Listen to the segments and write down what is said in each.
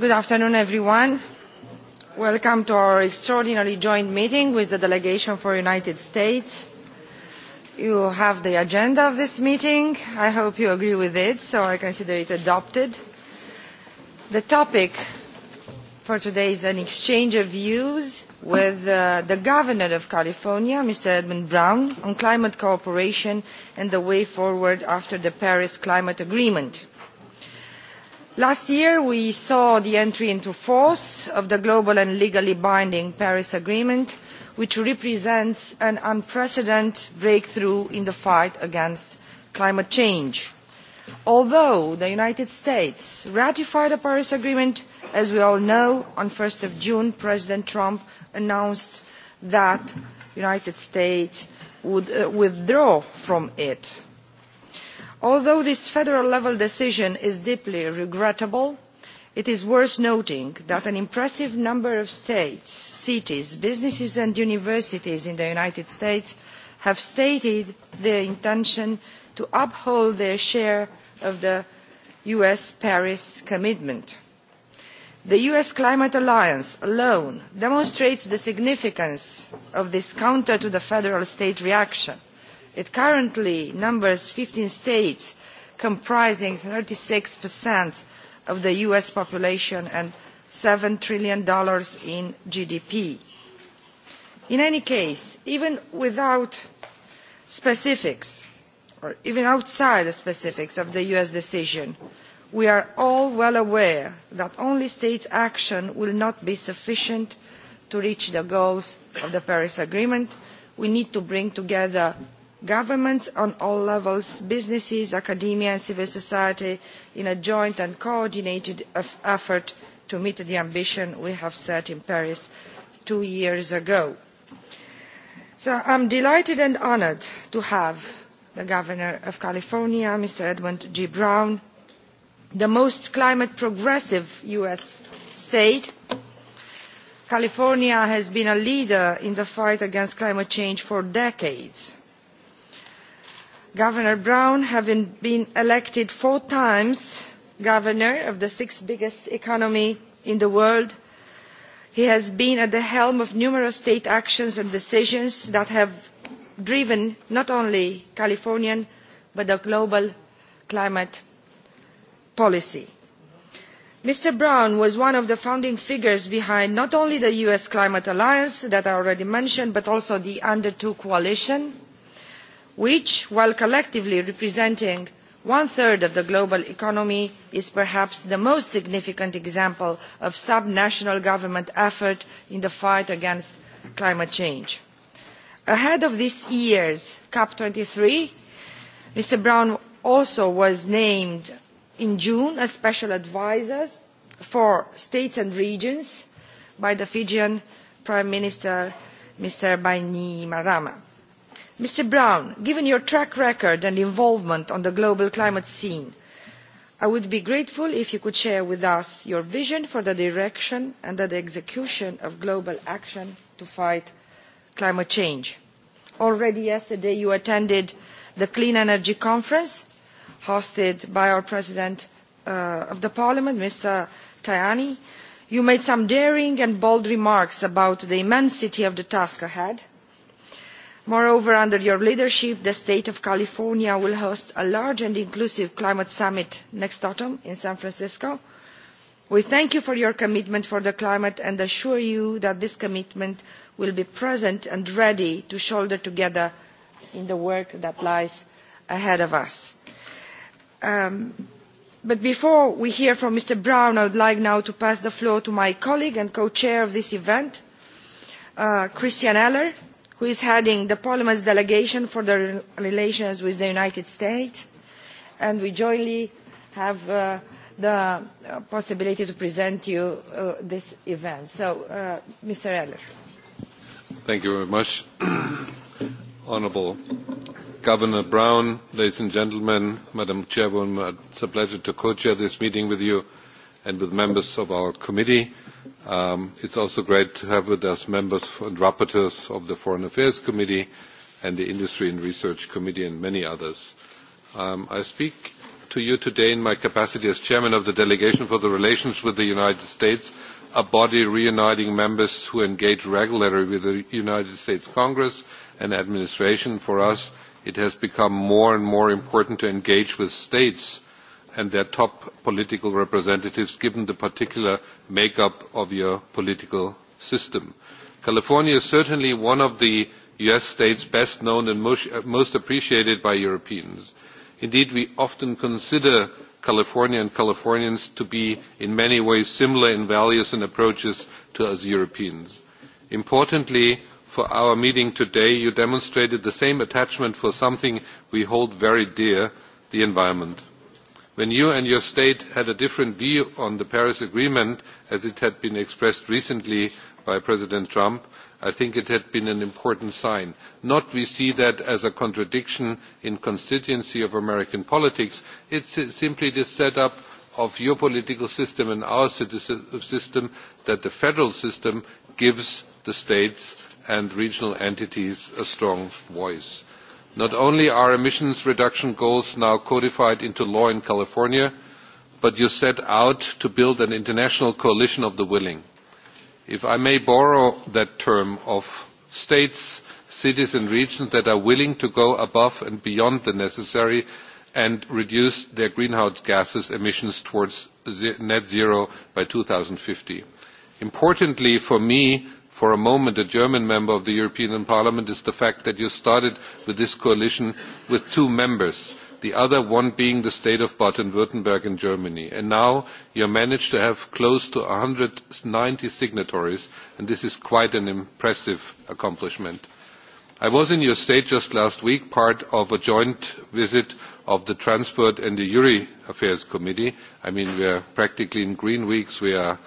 Good afternoon, everyone. Welcome to our extraordinary joint meeting with the delegation for United States. You have the agenda of this meeting. I hope you agree with it, so I consider it adopted. The topic for today is an exchange of views with uh, the governor of California, Mr. Edmund Brown, on climate cooperation and the way forward after the Paris Climate Agreement last year we saw the entry into force of the global and legally binding paris agreement which represents an unprecedented breakthrough in the fight against climate change. although the united states ratified the paris agreement as we all know on one june president trump announced that the united states would withdraw from it although this federal level decision is deeply regrettable it is worth noting that an impressive number of states cities businesses and universities in the united states have stated their intention to uphold their share of the us paris commitment. the us climate alliance alone demonstrates the significance of this counter to the federal state reaction It currently numbers fifteen states comprising thirty 36% of the US population and seven trillion dollars in GDP. In any case, even without specifics, or even outside the specifics of the US decision, we are all well aware that only states' action will not be sufficient to reach the goals of the Paris Agreement. We need to bring together governments on all levels, businesses, academia and civil society in a joint and coordinated effort to meet the ambition we have set in Paris two years ago. So I am delighted and honoured to have the Governor of California, Mr. Edmund G. Brown, the most climate progressive US state. California has been a leader in the fight against climate change for decades Governor Brown, having been elected four times governor of the sixth biggest economy in the world, he has been at the helm of numerous state actions and decisions that have driven not only Californian but the global climate policy. Mr. Brown was one of the founding figures behind not only the U.S. Climate Alliance that I already mentioned, but also the Under Two Coalition, which, while collectively representing one-third of the global economy, is perhaps the most significant example of sub-national government effort in the fight against climate change. Ahead of this year's cop twenty three, Mr. Brown also was named in June as special adviser for states and regions by the Fijian Prime Minister, Mr. Bainimarama mr brown given your track record and involvement on the global climate scene i would be grateful if you could share with us your vision for the direction and the execution of global action to fight climate change. already yesterday you attended the clean energy conference hosted by our president of parliament mr tajani. you made some daring and bold remarks about the immensity of the task ahead Moreover, under your leadership, the state of California will host a large and inclusive climate summit next autumn in San Francisco. We thank you for your commitment to the climate and assure you that this commitment will be present and ready to shoulder together in the work that lies ahead of us. but before we hear from Mr. Brown, I would like now to pass the floor to my colleague and co-chair of this event, Christian Eller who is heading the Parliament's delegation for the relations with the United States. And we jointly have uh, the possibility to present you uh, this event. So, uh, Mr. Eller. Thank you very much. Honourable Governor Brown, ladies and gentlemen, Madam Chairwoman, it's a pleasure to co-chair this meeting with you and with members of our committee It it's also great to have with us members and rapporteurs of the Foreign Affairs Committee and the Industry and Research Committee and many others. I speak to you today in my capacity as chairman of the delegation for the relations with the United States, a body reuniting members who engage regularly with the United States Congress and administration. For us, it has become more and more important to engage with states and their top political representatives given the particular makeup of your political system. California is certainly one of the US states best known and most appreciated by Europeans. Indeed, we often consider California and Californians to be in many ways similar in values and approaches to us Europeans. Importantly, for our meeting today, you demonstrated the same attachment for something we hold very dear, the environment When you and your state had a different view on the Paris Agreement, as it had been expressed recently by President Trump, I think it had been an important sign. Not we see that as a contradiction in constituency of American politics. It's simply the setup of your political system and our system that the federal system gives the states and regional entities a strong voice Not only are emissions reduction goals now codified into law in California, but you set out to build an international coalition of the willing. If I may borrow that term of states, cities and regions that are willing to go above and beyond the necessary and reduce their greenhouse gases emissions towards net zero by fifty. Importantly for me, for a moment a German member of the European Parliament is the fact that you started with this coalition with two members, the other one being the state of Baden-Württemberg in Germany. And now you managed to have close to one hundred and ninety signatories, and this is quite an impressive accomplishment. I was in your state just last week, part of a joint visit of the Transport and the Uri Affairs Committee. I mean, we are practically in green weeks. We are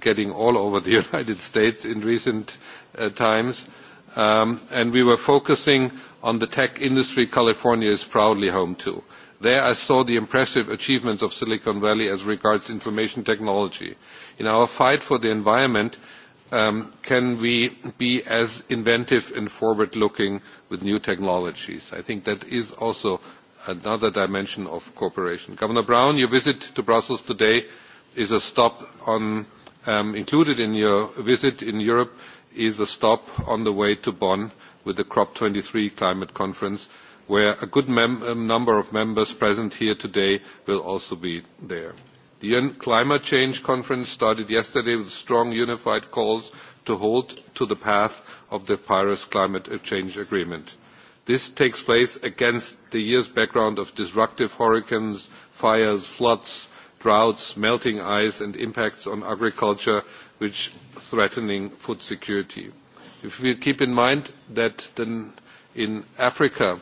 getting all over the United States in recent times. and we were focusing on the tech industry California is proudly home to. There I saw the impressive achievements of Silicon Valley as regards information technology. In our fight for the environment, can we be as inventive and forward-looking with new technologies? I think that is also another dimension of cooperation. Governor Brown, your visit to Brussels today is a stop on included in your visit in Europe is a stop on the way to Bonn with the cop twenty three climate conference, where a good number of members present here today will also be there. The UN Climate Change Conference started yesterday with strong unified calls to hold to the path of the Paris Climate Change Agreement. This takes place against the year's background of disruptive hurricanes, fires, floods, droughts, melting ice, and impacts on agriculture, which threatening food security. If we keep in mind that in Africa,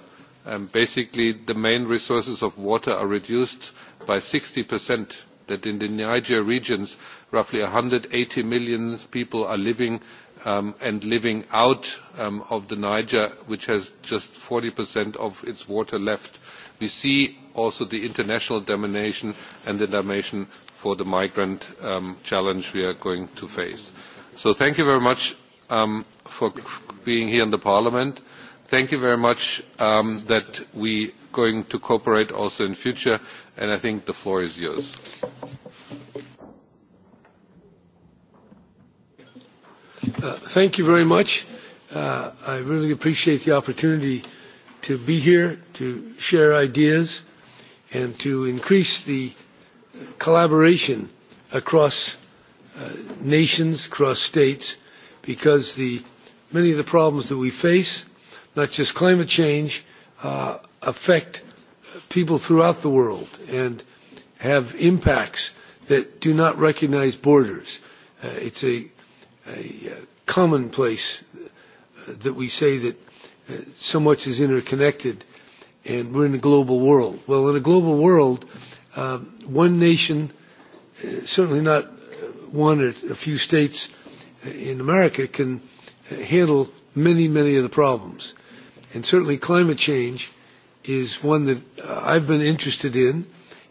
basically the main resources of water are reduced by 60%, that in the Niger regions, roughly 180 million people are living and living out of the Niger, which has just 40% of its water left. We see also the international dimension and the dimension for the migrant challenge we are going to face. So thank you very much for being here in the Parliament. Thank you very much that we are going to cooperate also in future, and I think the floor is yours. Thank you very much. I really appreciate the opportunity to be here, to share ideas, and to increase the collaboration across uh nations, across states, because the, many of the problems that we face, not just climate change, uh, affect people throughout the world and have impacts that do not recognize borders. Uh, it's a, a commonplace that we say that uh, so much is interconnected and we're in a global world. Well, in a global world, uh, one nation, uh, certainly not one or a few states in America, can handle many, many of the problems. And certainly climate change is one that I've been interested in.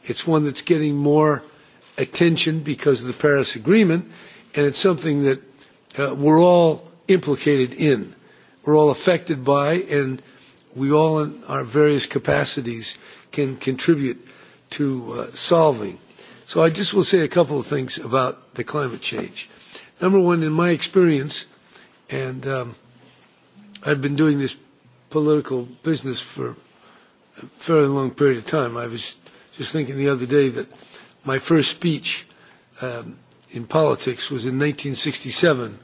It's one that's getting more attention because of the Paris Agreement, and it's something that uh, we're all implicated in. We're all affected by, and we all in our various capacities can contribute to uh, solving. So I just will say a couple of things about the climate change. Number one, in my experience, and um, I've been doing this political business for a fairly long period of time. I was just thinking the other day that my first speech um, in politics was in 1967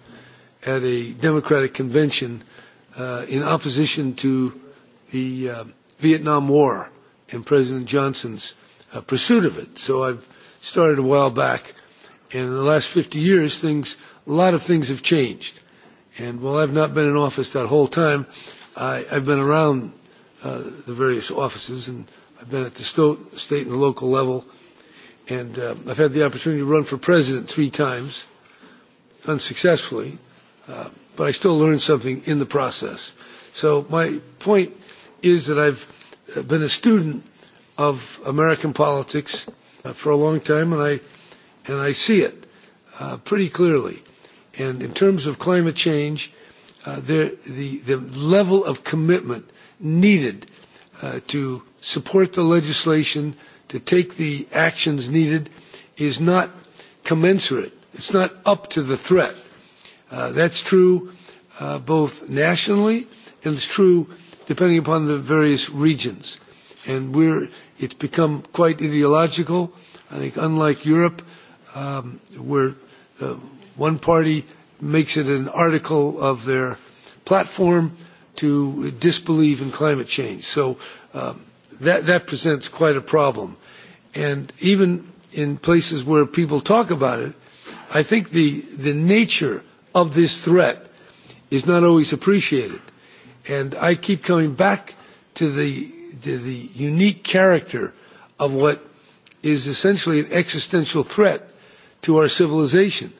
at a Democratic convention uh, in opposition to the uh, Vietnam War and President Johnson's uh, pursuit of it. So I've started a while back, and in the last 50 years, things a lot of things have changed. And while I've not been in office that whole time, I, I've been around uh, the various offices, and I've been at the sto- state and the local level, and uh, I've had the opportunity to run for president three times, unsuccessfully, uh, but I still learned something in the process. So my point is that I've been a student of American politics for a long time, and I and I see it uh, pretty clearly. And in terms of climate change, uh, there, the the level of commitment needed uh, to support the legislation, to take the actions needed, is not commensurate. It's not up to the threat. Uh, that's true uh, both nationally and it's true depending upon the various regions. And we're, it's become quite ideological. I think unlike Europe, um, where uh, one party makes it an article of their platform to disbelieve in climate change. So um, that, that presents quite a problem. And even in places where people talk about it, I think the, the nature of this threat is not always appreciated And I keep coming back to the, to the unique character of what is essentially an existential threat to our civilization.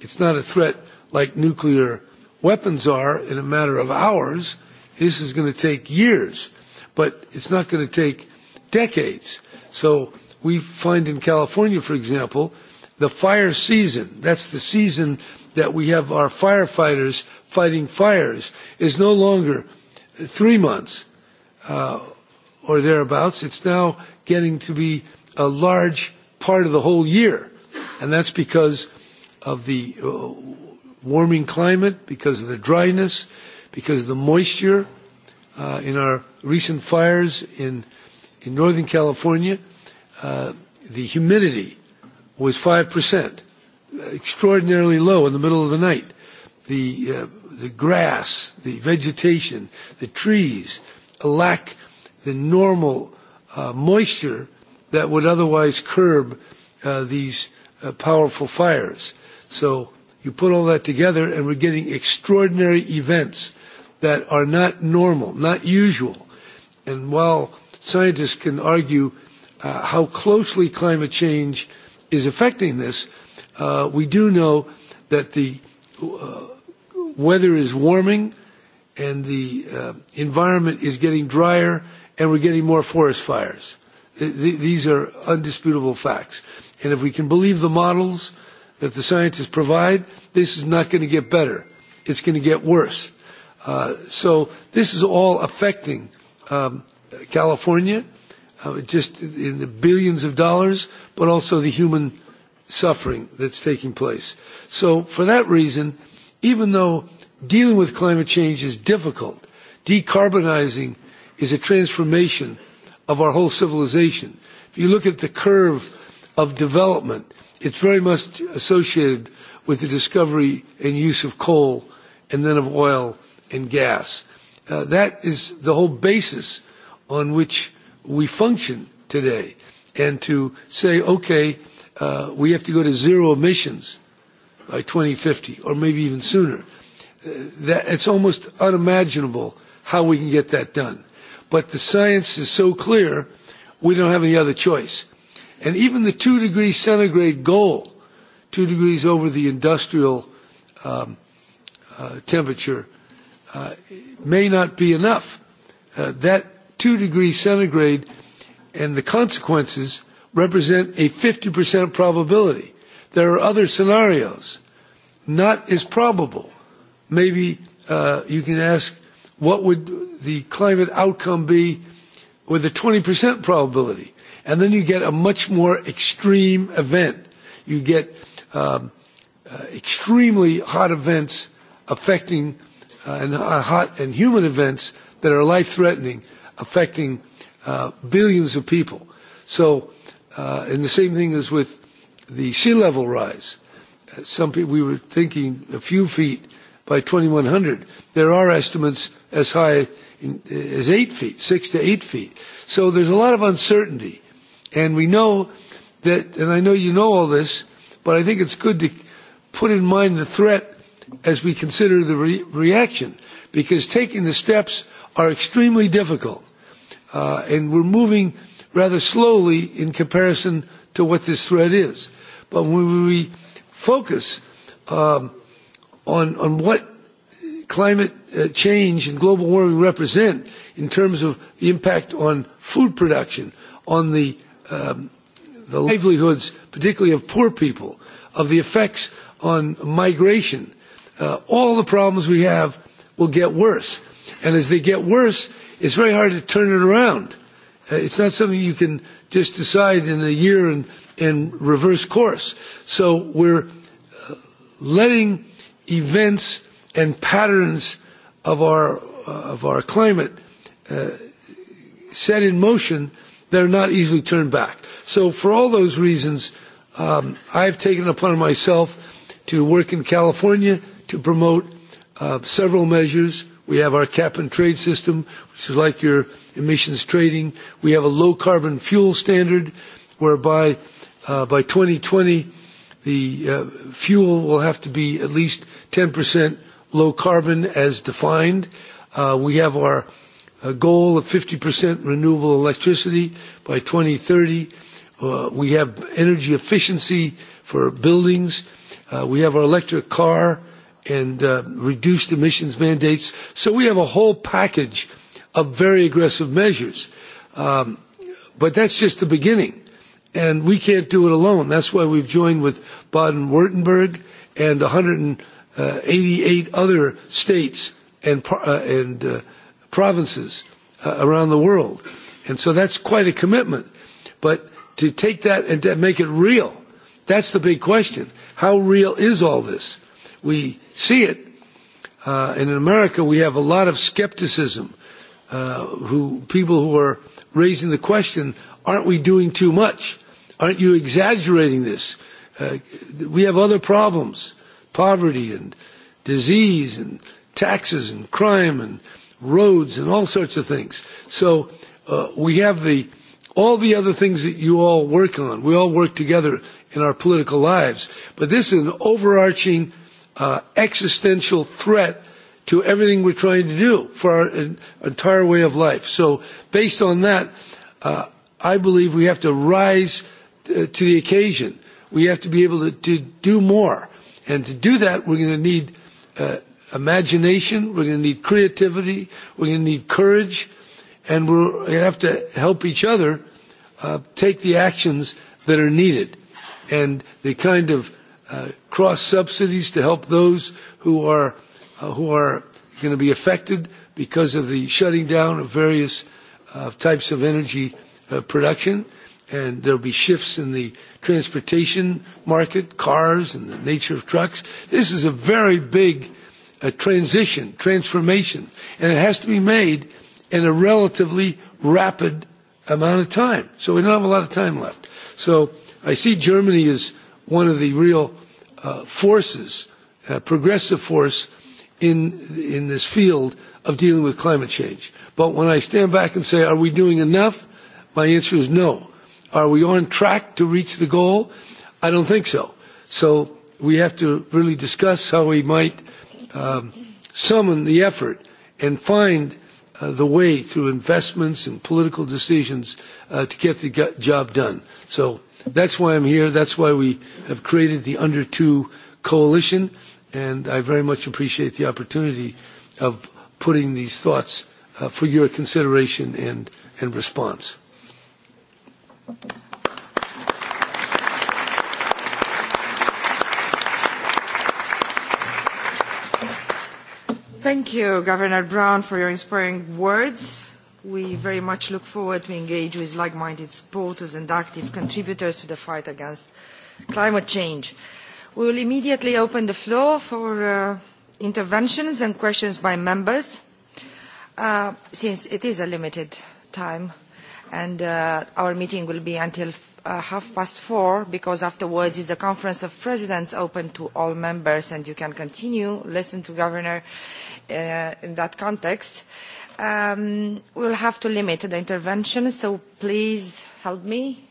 It's not a threat like nuclear weapons are in a matter of hours. This is going to take years, but it's not going to take decades. So we find in California, for example, the fire season. That's the season that we have our firefighters fighting fires is no longer three months uh, or thereabouts. It's now getting to be a large part of the whole year. And that's because of the uh, warming climate, because of the dryness, because of the moisture uh, in our recent fires in, in Northern California. Uh, the humidity was 5%, extraordinarily low in the middle of the night. The uh, the grass, the vegetation, the trees lack the normal uh, moisture that would otherwise curb uh, these uh, powerful fires. So you put all that together and we're getting extraordinary events that are not normal, not usual. And while scientists can argue uh, how closely climate change is affecting this, uh, we do know that the uh, weather is warming and the uh, environment is getting drier and we're getting more forest fires. These are undisputable facts. And if we can believe the models that the scientists provide, this is not going to get better. It's going to get worse. Uh, so this is all affecting um, California, uh, just in the billions of dollars, but also the human suffering that's taking place. So for that reason, even though dealing with climate change is difficult, decarbonizing is a transformation of our whole civilization. If you look at the curve of development, it's very much associated with the discovery and use of coal and then of oil and gas. Uh, that is the whole basis on which we function today. And to say, okay, uh, we have to go to zero emissions by 2050 or maybe even sooner. That, it's almost unimaginable how we can get that done. But the science is so clear, we don't have any other choice. And even the two degree centigrade goal, two degrees over the industrial um, uh, temperature, uh, may not be enough. Uh, that two degree centigrade and the consequences represent a 50% probability There are other scenarios. Not as probable. Maybe uh, you can ask what would the climate outcome be with a 20% probability. And then you get a much more extreme event. You get um, uh, extremely hot events affecting uh, and uh, hot and human events that are life threatening affecting uh, billions of people. So, uh, and the same thing is with the sea level rise. Some people, we were thinking a few feet by 2100. There are estimates as high in, as eight feet, six to eight feet. So there's a lot of uncertainty. And we know that, and I know you know all this, but I think it's good to put in mind the threat as we consider the re- reaction, because taking the steps are extremely difficult. Uh, and we're moving rather slowly in comparison to what this threat is. But when we focus um, on, on what climate change and global warming represent in terms of the impact on food production, on the, um, the livelihoods, particularly of poor people, of the effects on migration, uh, all the problems we have will get worse. And as they get worse, it's very hard to turn it around It's not something you can just decide in a year and, and reverse course. So we're letting events and patterns of our, of our climate uh, set in motion that are not easily turned back. So for all those reasons, um, I've taken it upon myself to work in California to promote uh, several measures. We have our cap and trade system, which is like your emissions trading. We have a low carbon fuel standard whereby uh, by 2020 the uh, fuel will have to be at least 10% low carbon as defined. Uh, we have our uh, goal of 50% renewable electricity by 2030. Uh, we have energy efficiency for buildings. Uh, we have our electric car and uh, reduced emissions mandates. So we have a whole package of very aggressive measures. Um, but that's just the beginning. And we can't do it alone. That's why we've joined with Baden-Württemberg and 188 other states and, uh, and uh, provinces uh, around the world. And so that's quite a commitment. But to take that and to make it real, that's the big question. How real is all this? We see it. Uh, and in America, we have a lot of skepticism uh, who people who are raising the question, aren't we doing too much? Aren't you exaggerating this? Uh, we have other problems, poverty and disease and taxes and crime and roads and all sorts of things. So uh, we have the all the other things that you all work on. We all work together in our political lives, but this is an overarching uh, existential threat to everything we're trying to do for our entire way of life. So based on that, uh, I believe we have to rise to the occasion. We have to be able to, to do more. And to do that, we're going to need uh, imagination, we're going to need creativity, we're going to need courage, and we're going to have to help each other uh, take the actions that are needed. And the kind of uh, cross subsidies to help those who are who are going to be affected because of the shutting down of various uh, types of energy uh, production. And there'll be shifts in the transportation market, cars, and the nature of trucks. This is a very big uh, transition, transformation, and it has to be made in a relatively rapid amount of time. So we don't have a lot of time left. So I see Germany as one of the real uh, forces, uh, progressive force in, in this field of dealing with climate change. But when I stand back and say, are we doing enough? My answer is no. Are we on track to reach the goal? I don't think so. So we have to really discuss how we might um, summon the effort and find uh, the way through investments and political decisions uh, to get the job done. So that's why I'm here. That's why we have created the Under Two Coalition and I very much appreciate the opportunity of putting these thoughts uh, for your consideration and, and response. Thank you, Governor Brown, for your inspiring words. We very much look forward to engage with like-minded supporters and active contributors to the fight against climate change. We will immediately open the floor for uh, interventions and questions by members, uh, since it is a limited time, and uh, our meeting will be until uh, half past four, because afterwards is a conference of presidents open to all members, and you can continue, listen to Governor uh, in that context. Um, we'll have to limit the intervention, so please help me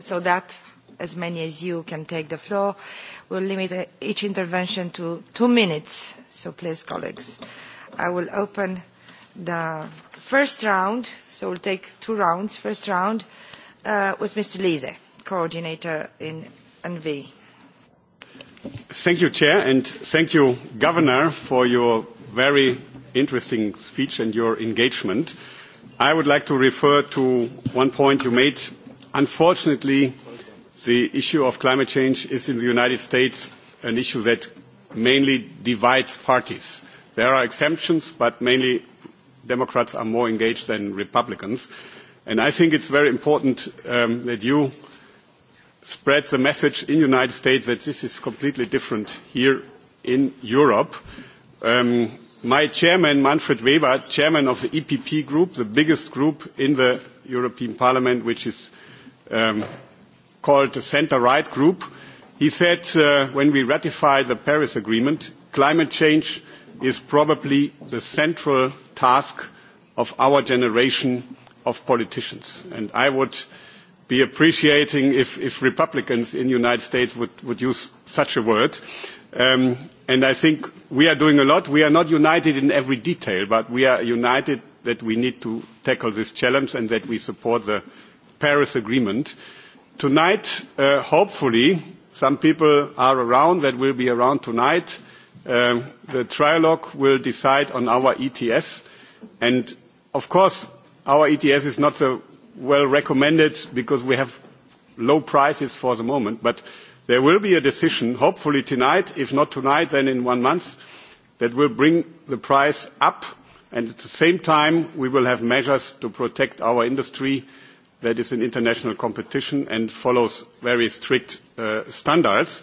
so that as many as you can take the floor. We'll limit each intervention to two minutes, so please, colleagues. I will open the first round, so we'll take two rounds. First round uh, was Mr. Liese, coordinator in NV. Thank you, Chair, and thank you, Governor, for your very interesting speech and your engagement. I would like to refer to one point you made. Unfortunately, the issue of climate change is in the United States an issue that mainly divides parties. There are exemptions, but mainly Democrats are more engaged than Republicans. And I think it's very important that you spread the message in the United States that this is completely different here in Europe. my chairman, Manfred Weber, chairman of the EPP group, the biggest group in the European Parliament, which is called the centre-right group. He said, when we ratify the Paris Agreement, climate change is probably the central task of our generation of politicians. And I would be appreciating if, if Republicans in the United States would, would use such a word. and I think we are doing a lot. We are not united in every detail, but we are united that we need to tackle this challenge and that we support the Paris Agreement. Uh, Tonight, uh, hopefully, some people are around that will be around tonight. Um, the trilogue will decide on our ETS. And of course, our ETS is not so well recommended because we have low prices for the moment. But there will be a decision, hopefully tonight, if not tonight, then in one month, that will bring the price up. And at the same time, we will have measures to protect our industry that is in international competition and follows very strict standards.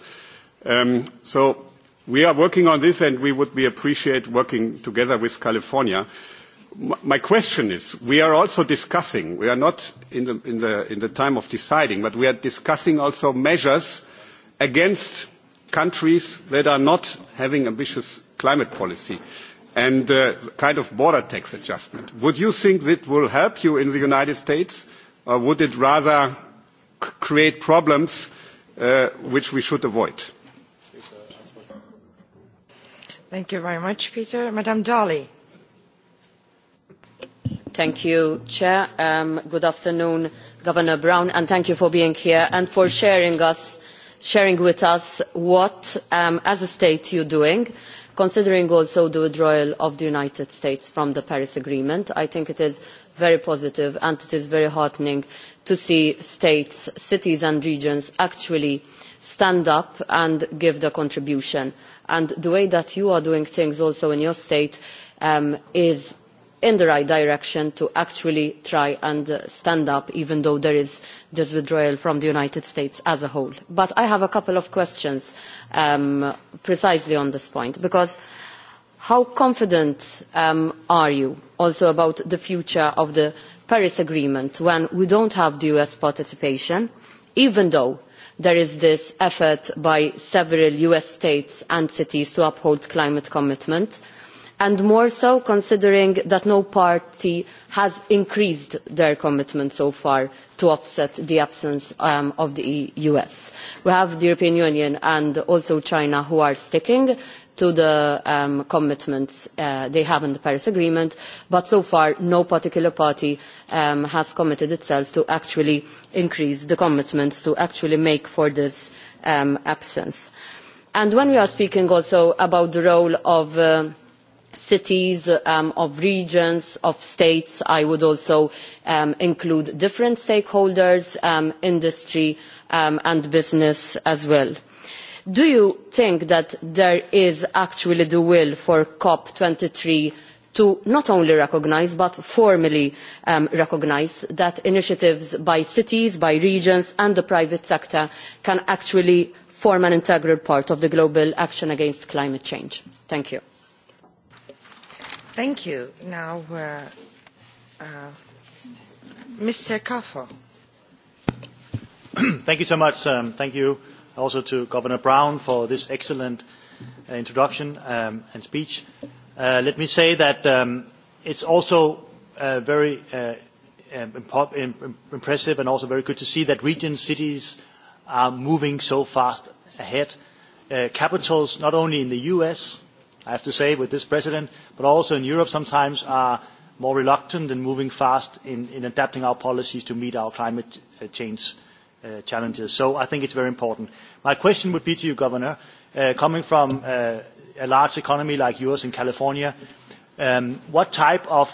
so we are working on this and we would be appreciate working together with California. My question is, we are also discussing, we are not in the, in the, in the time of deciding, but we are discussing also measures against countries that are not having ambitious climate policy and uh, kind of border tax adjustment. Would you think that will help you in the United States or would it rather create problems which we should avoid? Thank you very much, Peter. Madame Dolly. Thank you, Chair. Um, good afternoon, Governor Brown, and thank you for being here and for sharing, us, sharing with us what, um, as a state, you're doing considering also the withdrawal of the united states from the paris agreement i think it is very positive and it is very heartening to see states, cities and regions actually stand up and give their contribution. And the way that you are doing things also in your state is in the right direction to actually try and stand up even though there is this withdrawal from the United States as a whole. But I have a couple of questions precisely on this point because How confident are you also about the future of the Paris Agreement when we don't have the US participation, even though there is this effort by several US states and cities to uphold climate commitment, and more so considering that no party has increased their commitment so far to offset the absence of the US. We have the European Union and also China who are sticking to the commitments they have in the Paris Agreement, but so far no particular party has committed itself to actually increase the commitments to actually make for this absence. And when we are speaking also about the role of cities, of regions, of states, I would also include different stakeholders, industry and business as well do you think that there is actually the will for cop twenty three to not only recognise but formally recognise that initiatives by cities by regions and the private sector can actually form an integral part of the global action against climate change? thank you. Thank you. Now, Mr. thank you so much. thank you also to Governor Brown for this excellent introduction um, and speech. Uh, let me say that um, it's also uh, very uh, impressive and also very good to see that region cities are moving so fast ahead. Uh, capitals, not only in the U.S., I have to say, with this president, but also in Europe sometimes are more reluctant and moving fast in, in adapting our policies to meet our climate change challenges. So I think it's very important. My question would be to you, Governor, coming from a large economy like yours in California, what type of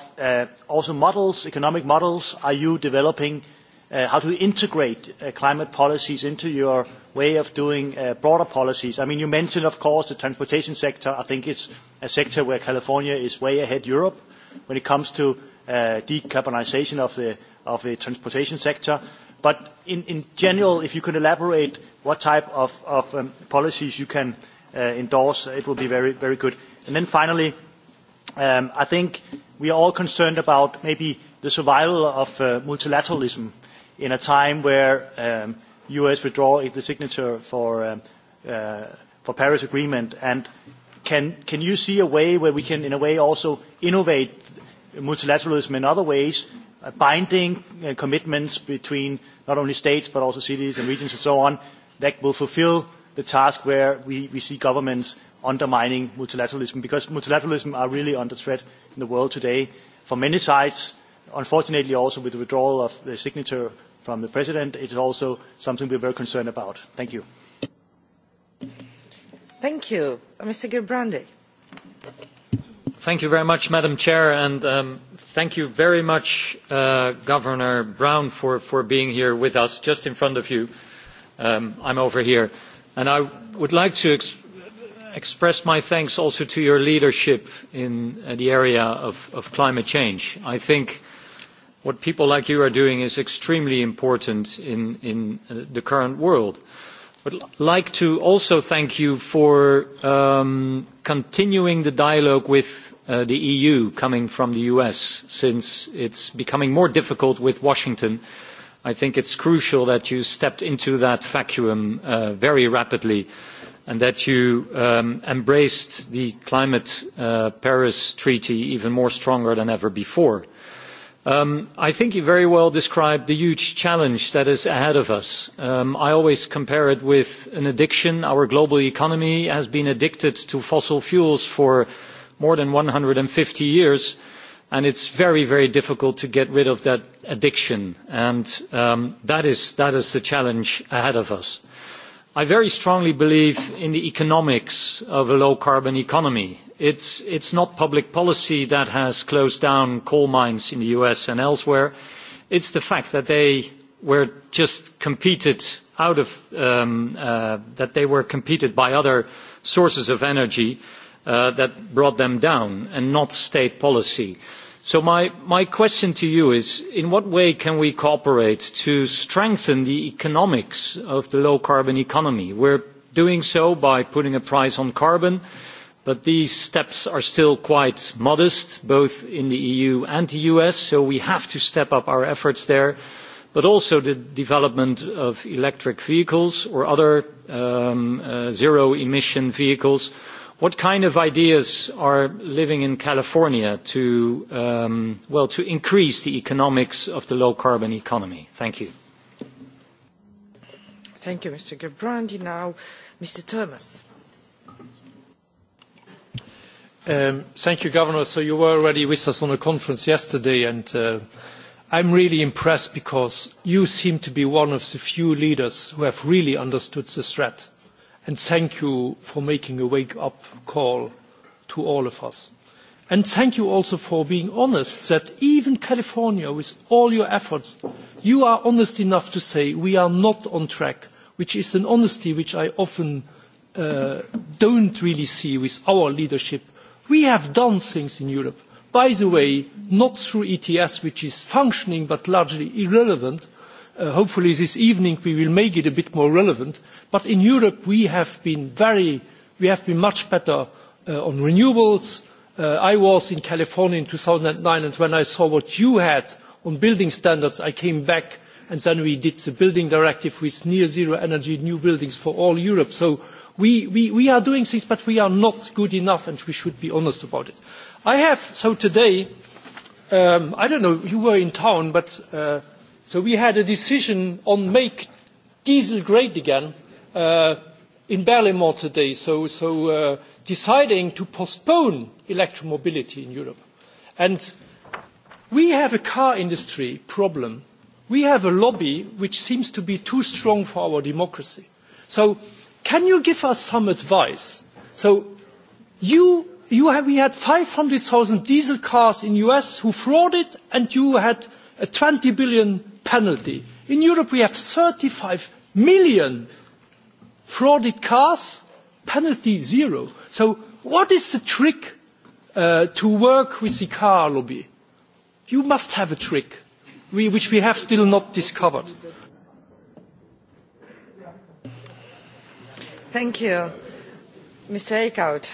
also models, economic models, are you developing? how to integrate climate policies into your way of doing broader policies? I mean, you mentioned, of course, the transportation sector. I think it's a sector where California is way ahead Europe when it comes to decarbonisation of the, transportation sector. But in, general, if you could elaborate what type of, policies you can endorse, it will be very, very good. And then finally, I think we are all concerned about maybe the survival of multilateralism in a time where the U.S. withdraw the signature for, the Paris Agreement. And can you see a way where we can, in a way, also innovate multilateralism in other ways binding commitments between not only states but also cities and regions and so on that will fulfil the task where we, we see governments undermining multilateralism because multilateralism are really under threat in the world today from many sides. Unfortunately, also with the withdrawal of the signature from the president, it is also something we are very concerned about. Thank you. Thank you. Mr. Thank you very much, Madam Chair, and um, thank you very much, uh, Governor Brown, for, for being here with us, just in front of you. Um, I'm over here. And I would like to ex express my thanks also to your leadership in uh, the area of, of climate change. I think what people like you are doing is extremely important in, in uh, the current world would like to also thank you for continuing the dialogue with the EU coming from the US, since it's becoming more difficult with Washington, I think it's crucial that you stepped into that vacuum very rapidly and that you embraced the climate Paris Treaty even more stronger than ever before. I think you very well described the huge challenge that is ahead of us. I always compare it with an addiction. Our global economy has been addicted to fossil fuels for more than one hundred and fifty years, and it's very, very difficult to get rid of that addiction. And that, is, that is the challenge ahead of us. I very strongly believe in the economics of a low-carbon economy. It's, it's not public policy that has closed down coal mines in the US and elsewhere. It's the fact that they were just competed out of, that they were competed by other sources of energy that brought them down and not state policy. So my question to you is, in what way can we cooperate to strengthen the economics of the low-carbon economy? We're doing so by putting a price on carbon, but these steps are still quite modest, both in the EU and the U.S., so we have to step up our efforts there. But also the development of electric vehicles or other zero-emission vehicles What kind of ideas are living in California to, um, well, to increase the economics of the low carbon economy? Thank you. Thank you, Mr. Gerbrandy. Now, Mr. Thomas. Um, thank you, Governor. So you were already with us on a conference yesterday, and uh, I'm really impressed because you seem to be one of the few leaders who have really understood the threat and thank you for making a wake-up call to all of us. And thank you also for being honest that even California, with all your efforts, you are honest enough to say we are not on track, which is an honesty which I often do not really see with our leadership. We have done things in Europe, by the way, not through ETS, which is functioning but largely irrelevant, hopefully this evening we will make it a bit more relevant. But in Europe, we have been very, we have been much better on renewables. I was in California in two thousand nine and when I saw what you had on building standards, I came back and then we did the building directive with near zero energy new buildings for all Europe. So we are doing things, but we are not good enough, and we should be honest about it. I have, so today, I don't know, you were in town, but So we had a decision on make diesel great again in Berlaymont today, so, so deciding to postpone electromobility in Europe. And we have a car industry problem. We have a lobby which seems to be too strong for our democracy. So can you give us some advice? So you, you have, we had 500,000 diesel cars in the US who frauded and you had a 20 billion penalty. In Europe, we have thirty five million frauded cars, penalty zero. So what is the trick to work with the car lobby? You must have a trick, which we have still not discovered. Thank you. Mr. Eickhout.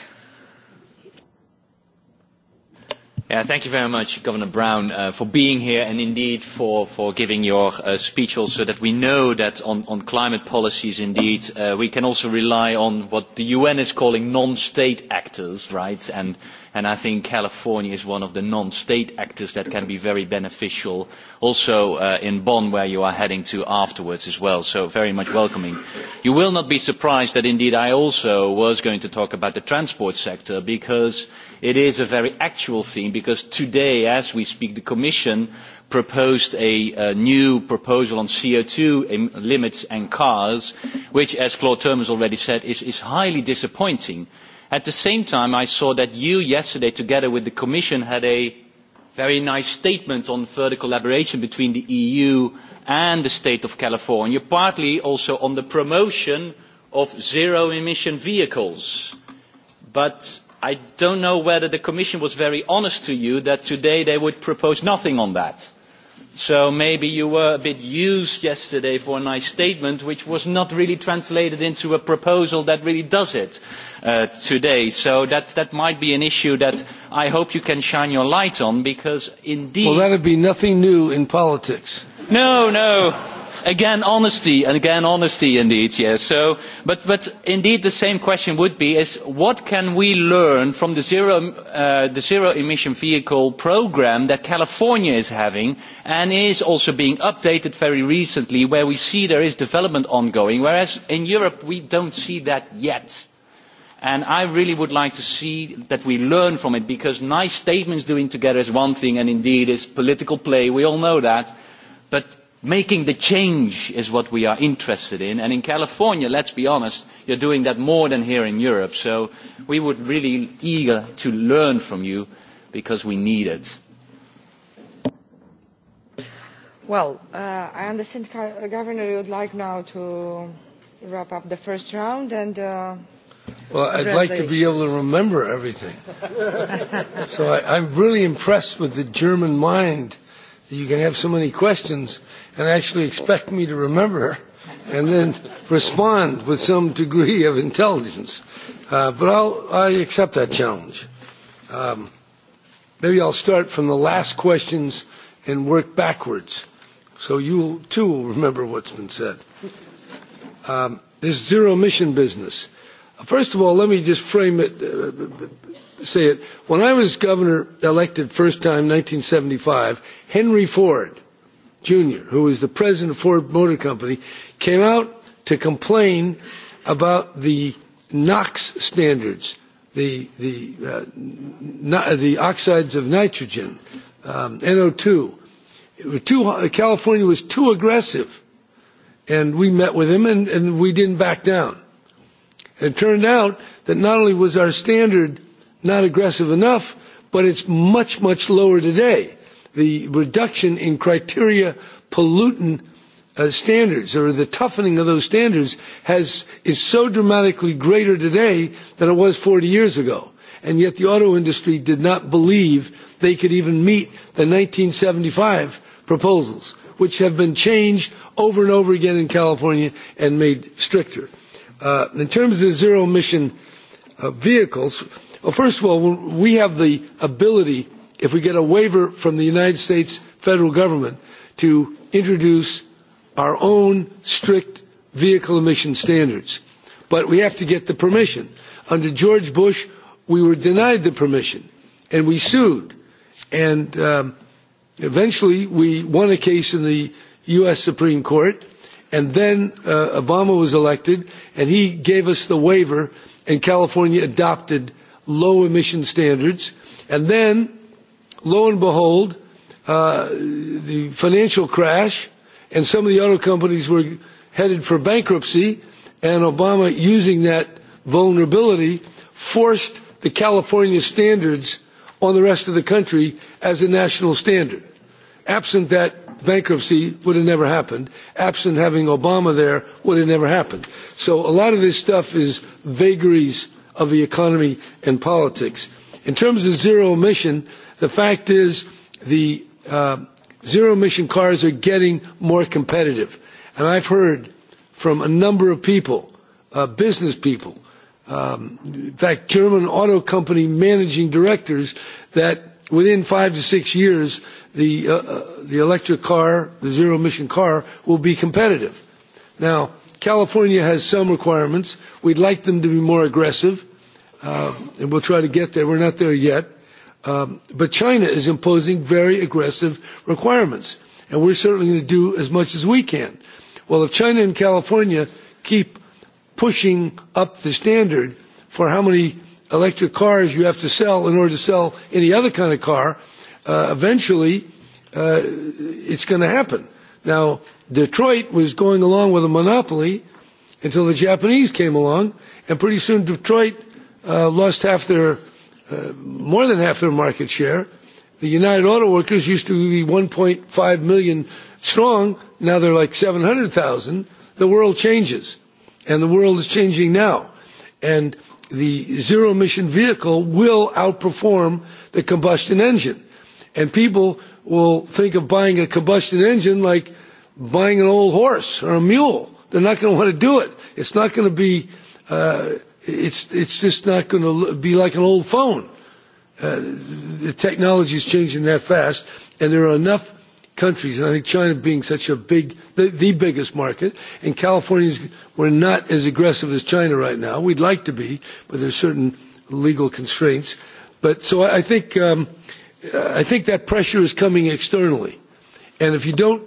Yeah, thank you very much, Governor Brown, uh, for being here and indeed for, for giving your uh, speech also that we know that on, on climate policies indeed uh, we can also rely on what the UN is calling non-state actors, right? And, and I think California is one of the non-state actors that can be very beneficial also uh, in Bonn where you are heading to afterwards as well, so very much welcoming. You will not be surprised that indeed I also was going to talk about the transport sector because – It is a very actual theme because today, as we speak, the Commission proposed a, new proposal on co two limits and cars, which, as Claude Turmes already said, is, highly disappointing. At the same time, I saw that you yesterday, together with the Commission, had a very nice statement on further collaboration between the EU and the state of California, partly also on the promotion of zero-emission vehicles. But I don't know whether the Commission was very honest to you that today they would propose nothing on that. So maybe you were a bit used yesterday for a nice statement which was not really translated into a proposal that really does it today. So that, that might be an issue that I hope you can shine your light on because indeed... Well, that would be nothing new in politics. No, no Again, honesty, and again, honesty indeed, yes. So, but, but indeed the same question would be is what can we learn from the zero, uh, the zero emission vehicle program that California is having and is also being updated very recently where we see there is development ongoing, whereas in Europe we don't see that yet. And I really would like to see that we learn from it because nice statements doing together is one thing and indeed is political play, we all know that. But Making the change is what we are interested in. And in California, let's be honest, you're doing that more than here in Europe. So we would really eager to learn from you because we need it. Well, uh, I understand, Governor, you would like now to wrap up the first round and. Uh, well, I'd like to be able to remember everything. so I, I'm really impressed with the German mind that you can have so many questions and actually expect me to remember and then respond with some degree of intelligence. Uh, but I'll, I accept that challenge. Um, maybe I'll start from the last questions and work backwards so you too will remember what's been said. Um, this zero emission business. First of all, let me just frame it, uh, say it. When I was governor elected first time, in 1975, Henry Ford Jr., who is the president of Ford Motor Company, came out to complain about the NOx standards, the, the, uh, no, the oxides of nitrogen, um, NO2. It was too, California was too aggressive. And we met with him and, and we didn't back down. It turned out that not only was our standard not aggressive enough, but it's much, much lower today the reduction in criteria pollutant standards or the toughening of those standards has, is so dramatically greater today than it was 40 years ago. And yet the auto industry did not believe they could even meet the 1975 proposals, which have been changed over and over again in California and made stricter. Uh, in terms of the zero emission uh, vehicles, well, first of all, we have the ability if we get a waiver from the United States federal government to introduce our own strict vehicle emission standards. But we have to get the permission. Under George Bush, we were denied the permission, and we sued. And um, eventually, we won a case in the U.S. Supreme Court. And then uh, Obama was elected, and he gave us the waiver, and California adopted low emission standards. And then lo and behold, uh, the financial crash and some of the auto companies were headed for bankruptcy, and Obama, using that vulnerability, forced the California standards on the rest of the country as a national standard. Absent that bankruptcy would have never happened. Absent having Obama there would have never happened. So a lot of this stuff is vagaries of the economy and politics. In terms of zero emission, the fact is the zero emission cars are getting more competitive. And I've heard from a number of people, uh business people, um in fact, German auto company managing directors, that within five to six years, the, uh the electric car, the zero emission car, will be competitive. Now, California has some requirements. We'd like them to be more aggressive Uh and we'll try to get there. We're not there yet. Um but China is imposing very aggressive requirements, and we're certainly going to do as much as we can. Well, if China and California keep pushing up the standard for how many electric cars you have to sell in order to sell any other kind of car, uh, eventually uh, it's going to happen. Now, Detroit was going along with a monopoly until the Japanese came along, and pretty soon Detroit uh, lost half their, uh, more than half their market share. The United Auto Workers used to be 1.5 million strong. Now they're like 700,000. The world changes, and the world is changing now. And the zero emission vehicle will outperform the combustion engine. And people will think of buying a combustion engine like buying an old horse or a mule. They're not going to want to do it. It's not going to be uh, it's, it's just not going to be like an old phone. Uh, the technology is changing that fast, and there are enough countries, and I think China being such a big, the, the biggest market, and Californians, we're not as aggressive as China right now. We'd like to be, but there's certain legal constraints. But so I, I think um, I think that pressure is coming externally, and if you don't,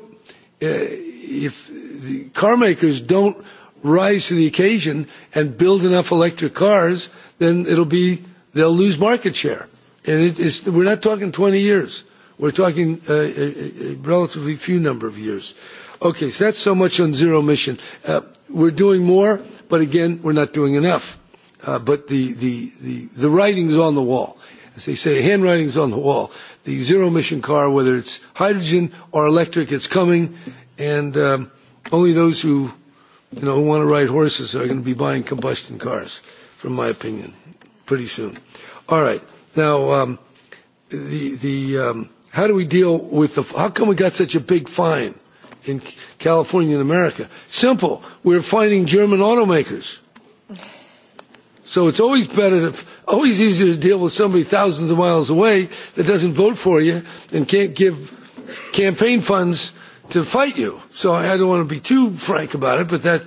uh, if the car makers don't rise to the occasion and build enough electric cars, then it'll be they'll lose market share. And it is, we're not talking 20 years. We're talking uh, a, a relatively few number of years. Okay, so that's so much on zero emission. Uh, we're doing more, but again, we're not doing enough. Uh, but the, the, the, the writing's on the wall. As they say, handwriting's on the wall. The zero emission car, whether it's hydrogen or electric, it's coming. And um, only those who you know, who want to ride horses are going to be buying combustion cars, from my opinion, pretty soon. All right. Now, um, the, the, um, how do we deal with the, how come we got such a big fine in California and America? Simple. We're fining German automakers. So it's always better to, always easier to deal with somebody thousands of miles away that doesn't vote for you and can't give campaign funds to fight you. So I don't want to be too frank about it, but that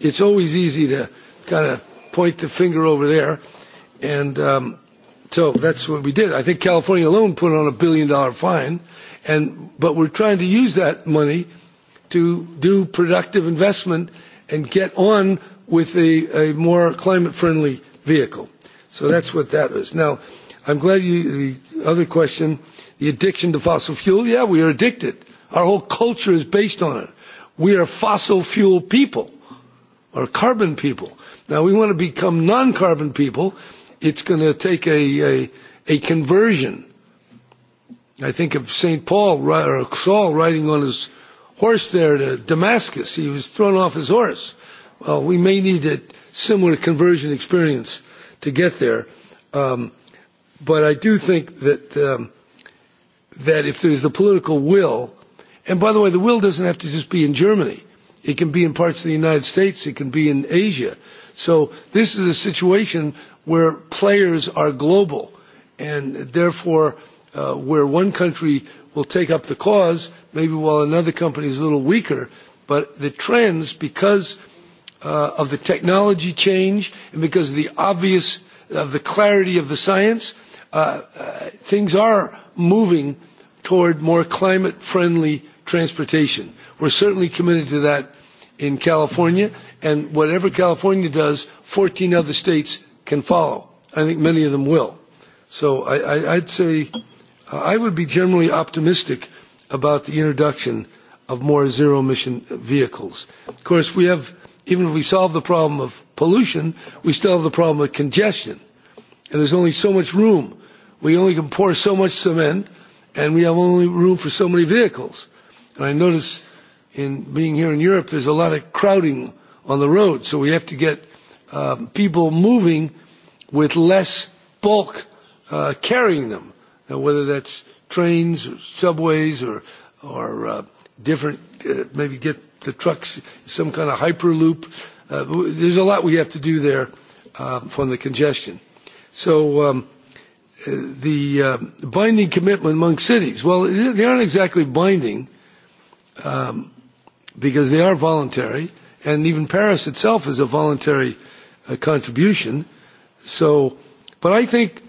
it's always easy to kind of point the finger over there. And um, so that's what we did. I think California alone put on a billion dollar fine, and but we're trying to use that money to do productive investment and get on with a, a more climate friendly vehicle. So that's what that is. Now, I'm glad you, the other question, the addiction to fossil fuel. Yeah, we are addicted Our whole culture is based on it. We are fossil fuel people, or carbon people. Now we want to become non-carbon people. It's going to take a, a, a conversion. I think of St. Paul, or Saul riding on his horse there to Damascus. He was thrown off his horse. Well, we may need a similar conversion experience to get there. Um, but I do think that um, that if there's the political will, And by the way, the will doesn't have to just be in Germany. It can be in parts of the United States. It can be in Asia. So this is a situation where players are global. And therefore, uh, where one country will take up the cause, maybe while another company is a little weaker, but the trends, because uh, of the technology change and because of the obvious, of the clarity of the science, uh, uh, things are moving toward more climate-friendly transportation. We're certainly committed to that in California, and whatever California does, 14 other states can follow. I think many of them will. So I, I, I'd say uh, I would be generally optimistic about the introduction of more zero emission vehicles. Of course, we have, even if we solve the problem of pollution, we still have the problem of congestion. And there's only so much room. We only can pour so much cement, and we have only room for so many vehicles. And I notice in being here in Europe, there's a lot of crowding on the road. So we have to get uh people moving with less bulk uh, carrying them. Now, whether that's trains or subways or, or uh, different, uh, maybe get the trucks some kind of hyperloop. Uh, there's a lot we have to do there uh, from the congestion. So um, the uh, binding commitment among cities, well, they aren't exactly binding um, because they are voluntary, and even Paris itself is a voluntary uh, contribution. So, but I think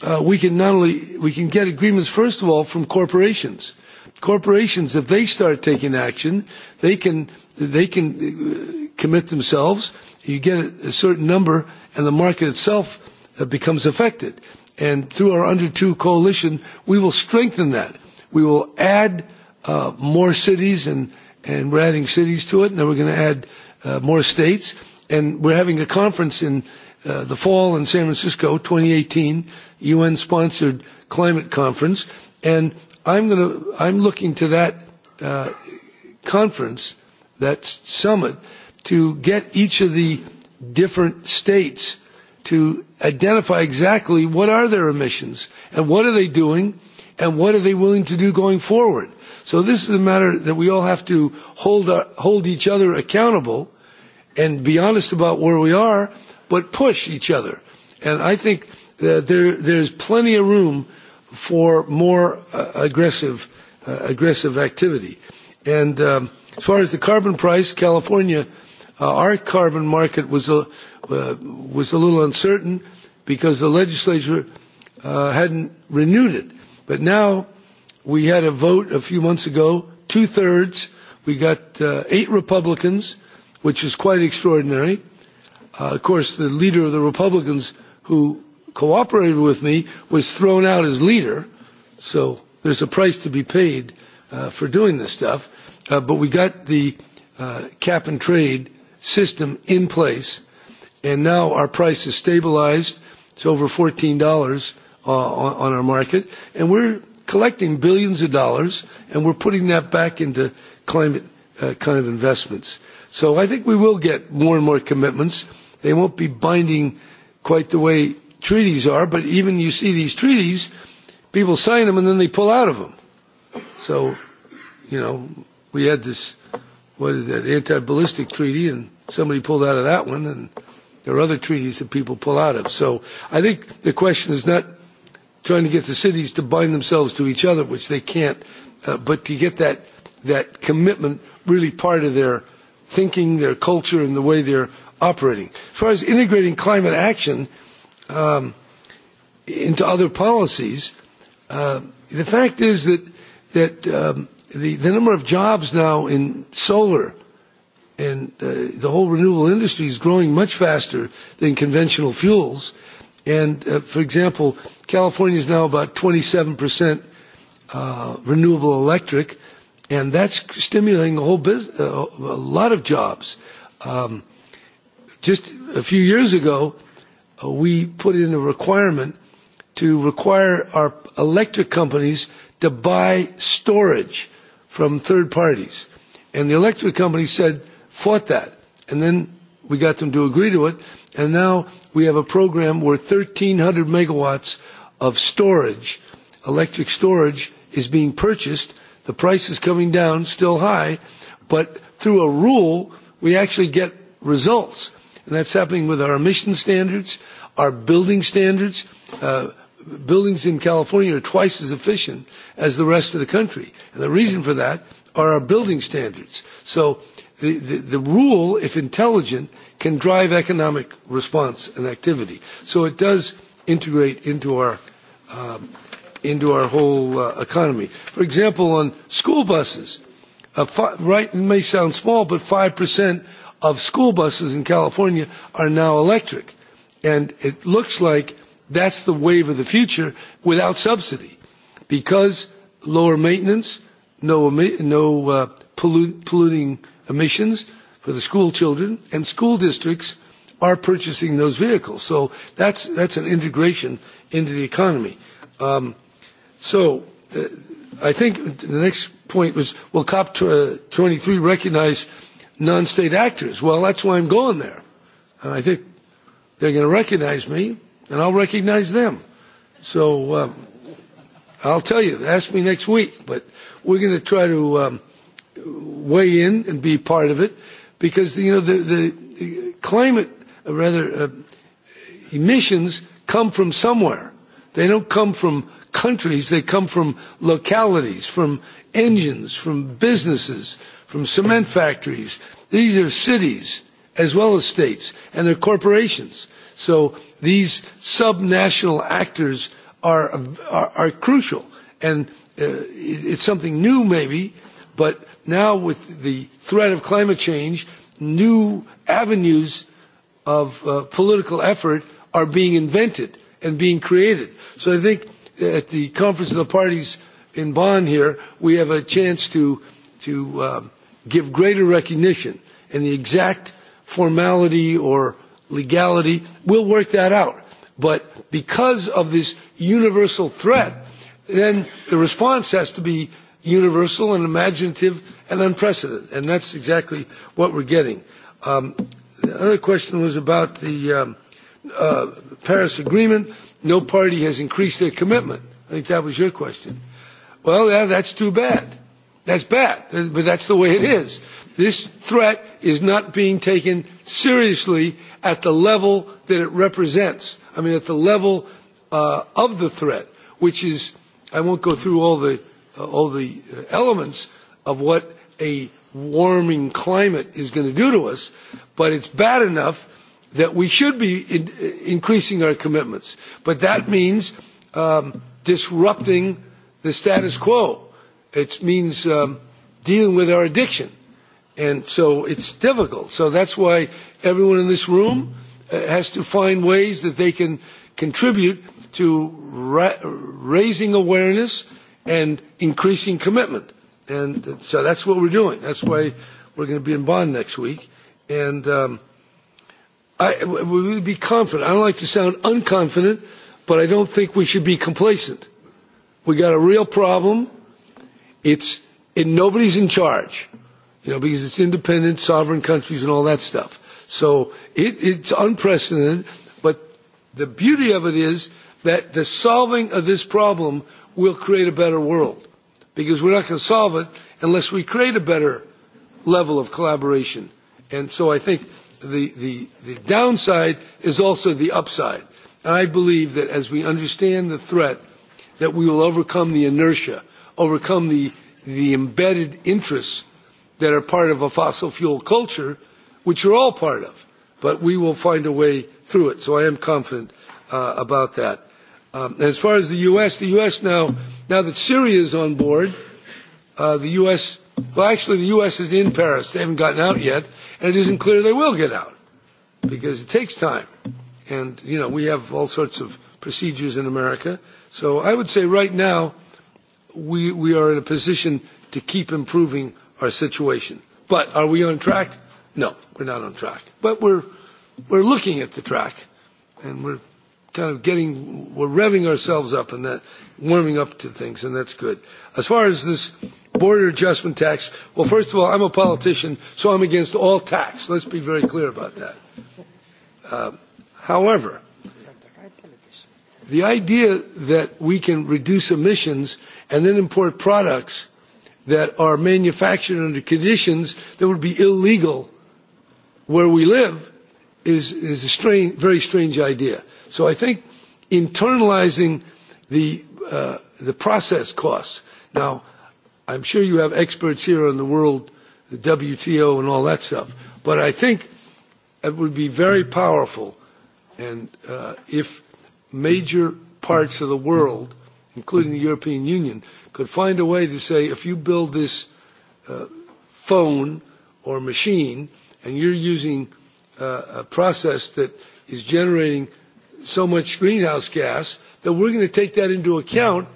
uh, we can not only we can get agreements first of all from corporations. Corporations, if they start taking action, they can they can commit themselves. You get a certain number, and the market itself becomes affected. And through our under two coalition, we will strengthen that. We will add uh, more cities, and, and we're adding cities to it, and then we're going to add uh, more states. And we're having a conference in uh, the fall in San Francisco, 2018, UN-sponsored climate conference. And I'm going to I'm looking to that uh, conference, that summit, to get each of the different states to identify exactly what are their emissions and what are they doing and what are they willing to do going forward. So this is a matter that we all have to hold, our, hold each other accountable and be honest about where we are, but push each other. And I think that there, there's plenty of room for more uh, aggressive, uh, aggressive activity. And um, as far as the carbon price, California, uh, our carbon market was a, uh, was a little uncertain because the legislature uh, hadn't renewed it. But now We had a vote a few months ago, two thirds. We got uh, eight Republicans, which is quite extraordinary. Uh, of course, the leader of the Republicans who cooperated with me was thrown out as leader. So there's a price to be paid uh, for doing this stuff. Uh, but we got the uh, cap and trade system in place. And now our price is stabilized. It's over $14 uh, on, on our market. And we're collecting billions of dollars, and we're putting that back into climate uh, kind of investments. So I think we will get more and more commitments. They won't be binding quite the way treaties are, but even you see these treaties, people sign them and then they pull out of them. So, you know, we had this, what is that, anti-ballistic treaty, and somebody pulled out of that one, and there are other treaties that people pull out of. So I think the question is not – trying to get the cities to bind themselves to each other, which they can't, uh, but to get that, that commitment really part of their thinking, their culture, and the way they're operating. As far as integrating climate action um, into other policies, uh, the fact is that, that um, the, the number of jobs now in solar and uh, the whole renewable industry is growing much faster than conventional fuels And uh, for example, California is now about 27% uh, renewable electric, and that's stimulating a whole business, uh, a lot of jobs. Um, just a few years ago, uh, we put in a requirement to require our electric companies to buy storage from third parties. And the electric company said, fought that. And then we got them to agree to it And now we have a program where 1,300 megawatts of storage, electric storage, is being purchased. The price is coming down, still high, but through a rule, we actually get results. And that's happening with our emission standards, our building standards. Uh, buildings in California are twice as efficient as the rest of the country. And the reason for that are our building standards. So the, the, the rule, if intelligent, can drive economic response and activity. So it does integrate into our um, into our whole uh, economy. For example, on school buses, uh, five right may sound small, but five percent of school buses in California are now electric, and it looks like that's the wave of the future without subsidy, because lower maintenance, no no uh, polluting emissions for the school children, and school districts are purchasing those vehicles. So that's, that's an integration into the economy. Um, so uh, I think the next point was, will COP23 recognize non-state actors? Well, that's why I'm going there. And I think they're going to recognize me, and I'll recognize them. So um, I'll tell you, ask me next week, but we're going to try to um, – weigh in and be part of it because you know the, the climate or rather uh, emissions come from somewhere. They don't come from countries. They come from localities, from engines, from businesses, from cement factories. These are cities as well as states and their corporations. So these subnational actors are, are, are crucial. And uh, it's something new maybe, but now with the threat of climate change, new avenues of uh, political effort are being invented and being created. So I think at the Conference of the Parties in Bonn here, we have a chance to, to uh, give greater recognition and the exact formality or legality. We'll work that out. But because of this universal threat, then the response has to be universal and imaginative and unprecedented. And that's exactly what we're getting. Um, the other question was about the um, uh, Paris Agreement. No party has increased their commitment. I think that was your question. Well, yeah, that's too bad. That's bad, but that's the way it is. This threat is not being taken seriously at the level that it represents. I mean, at the level uh, of the threat, which is, I won't go through all the all the elements of what a warming climate is going to do to us, but it's bad enough that we should be in, increasing our commitments. But that means um, disrupting the status quo. It means um, dealing with our addiction. And so it's difficult. So that's why everyone in this room uh, has to find ways that they can contribute to ra- raising awareness – and increasing commitment. And so that's what we're doing. That's why we're going to be in Bonn next week. And um, I we'll be confident. I don't like to sound unconfident, but I don't think we should be complacent. We got a real problem. It's and nobody's in charge, you know, because it's independent, sovereign countries, and all that stuff. So it, it's unprecedented. But the beauty of it is that the solving of this problem we'll create a better world because we're not going to solve it unless we create a better level of collaboration. And so I think the, the, the downside is also the upside. And I believe that as we understand the threat, that we will overcome the inertia, overcome the, the embedded interests that are part of a fossil fuel culture, which you're all part of. But we will find a way through it. So I am confident uh, about that as far as the U.S., the U.S. now, now that Syria is on board, uh, the U.S. Well, actually, the U.S. is in Paris. They haven't gotten out yet, and it isn't clear they will get out because it takes time. And you know, we have all sorts of procedures in America. So I would say right now, we we are in a position to keep improving our situation. But are we on track? No, we're not on track. But we're we're looking at the track, and we're kind of getting, we're revving ourselves up and that, warming up to things, and that's good. As far as this border adjustment tax, well, first of all, I'm a politician, so I'm against all tax. Let's be very clear about that. Uh, however, the idea that we can reduce emissions and then import products that are manufactured under conditions that would be illegal where we live is, is a strange, very strange idea. So I think internalizing the, uh, the process costs. Now, I'm sure you have experts here in the world, the WTO and all that stuff, but I think it would be very powerful and uh, if major parts of the world, including the European Union, could find a way to say, if you build this uh, phone or machine and you're using uh, a process that is generating – so much greenhouse gas that we're going to take that into account,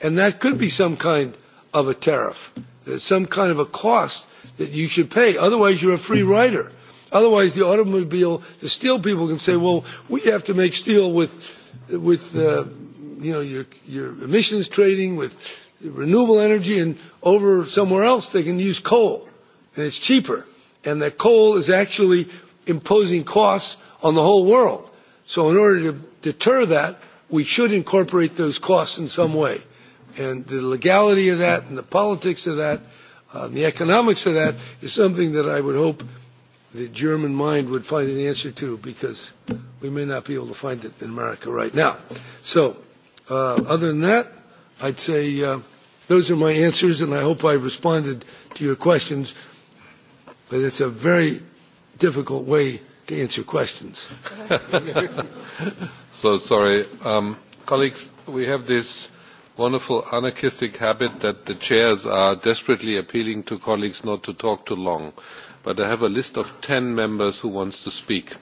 and that could be some kind of a tariff, some kind of a cost that you should pay. Otherwise, you're a free rider. Otherwise, the automobile, the steel people can say, well, we have to make steel with, with uh, you know, your, your emissions trading, with renewable energy, and over somewhere else they can use coal, and it's cheaper. And that coal is actually imposing costs on the whole world So in order to deter that, we should incorporate those costs in some way. And the legality of that and the politics of that uh, and the economics of that is something that I would hope the German mind would find an answer to because we may not be able to find it in America right now. So uh, other than that, I'd say uh, those are my answers and I hope I responded to your questions. But it's a very difficult way to answer questions. So sorry. Um, colleagues, we have this wonderful anarchistic habit that the chairs are desperately appealing to colleagues not to talk too long. But I have a list of 10 members who wants to speak.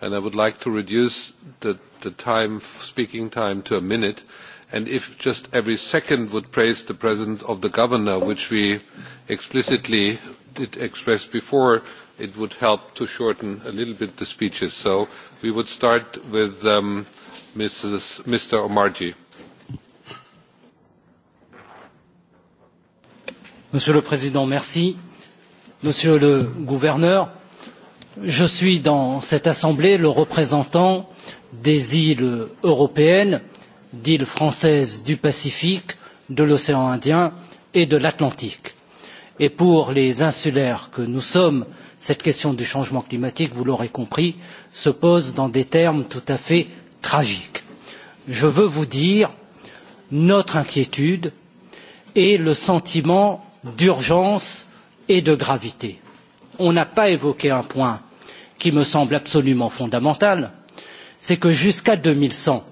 And I would like to reduce the, the time, speaking time to a minute. And if just every second would praise the presence of the governor, which we explicitly did express before, it would help to shorten a little bit the speeches. So we would start with um, Mrs. Mr. Omarji. Monsieur le Président, merci. Monsieur le Gouverneur, je suis dans cette Assemblée le représentant des îles européennes, d'îles françaises du Pacifique, de l'océan Indien et de l'Atlantique. Et pour les insulaires que nous sommes, Cette question du changement climatique, vous l'aurez compris, se pose dans des termes tout à fait tragiques. Je veux vous dire notre inquiétude et le sentiment d'urgence et de gravité. On n'a pas évoqué un point qui me semble absolument fondamental, c'est que jusqu'à deux mille cent,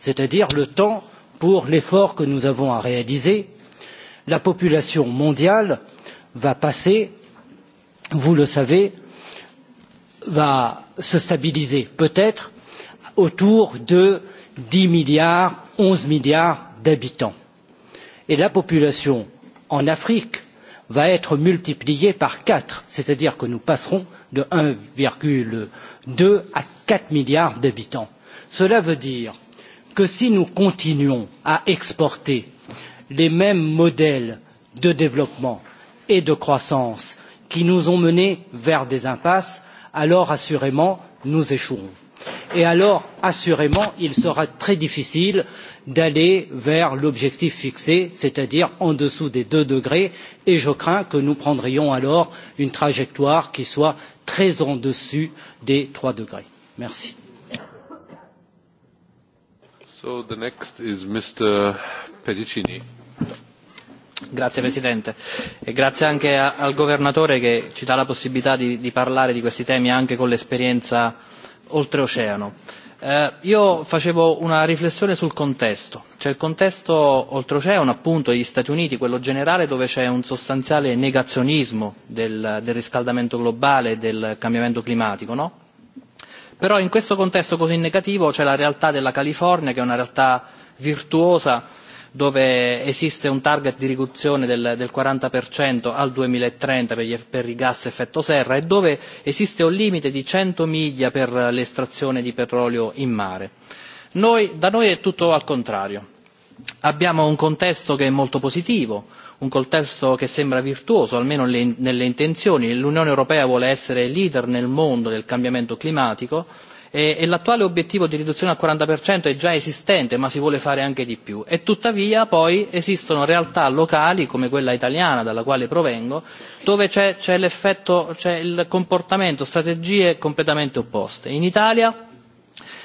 c'est-à-dire le temps pour l'effort que nous avons à réaliser, la population mondiale va passer vous le savez, va se stabiliser peut-être autour de dix milliards, onze milliards d'habitants. Et la population en Afrique va être multipliée par quatre, c'est-à-dire que nous passerons de un deux à quatre milliards d'habitants. Cela veut dire que si nous continuons à exporter les mêmes modèles de développement et de croissance qui nous ont menés vers des impasses, alors assurément nous échouerons. Et alors assurément il sera très difficile d'aller vers l'objectif fixé, c'est-à-dire en dessous des deux degrés, et je crains que nous prendrions alors une trajectoire qui soit très en dessus des trois degrés. Merci. So the next is Mr. Pedicini. Signor Presidente, grazie anche al Governatore che ci dà la possibilità di, parlare di questi temi anche con l'esperienza oltreoceano. io facevo una riflessione sul contesto, cioè il contesto oltreoceano, appunto gli Stati Uniti, quello generale dove c'è un sostanziale negazionismo del, riscaldamento globale e del cambiamento climatico, no? Però in questo contesto così negativo c'è la realtà della California che è una realtà virtuosa dove esiste un target di riduzione del, del 40% al 2030 per, gli, per i gas effetto serra e dove esiste un limite di 100 miglia per l'estrazione di petrolio in mare. Noi, da noi è tutto al contrario. Abbiamo un contesto che è molto positivo, un contesto che sembra virtuoso, almeno nelle intenzioni. L'Unione Europea vuole essere leader nel mondo del cambiamento climatico, e l'attuale obiettivo di riduzione al 40% è già esistente, ma si vuole fare anche di più. E tuttavia poi esistono realtà locali, come quella italiana dalla quale provengo, dove c'è, c'è l'effetto, c'è il comportamento, strategie completamente opposte. In Italia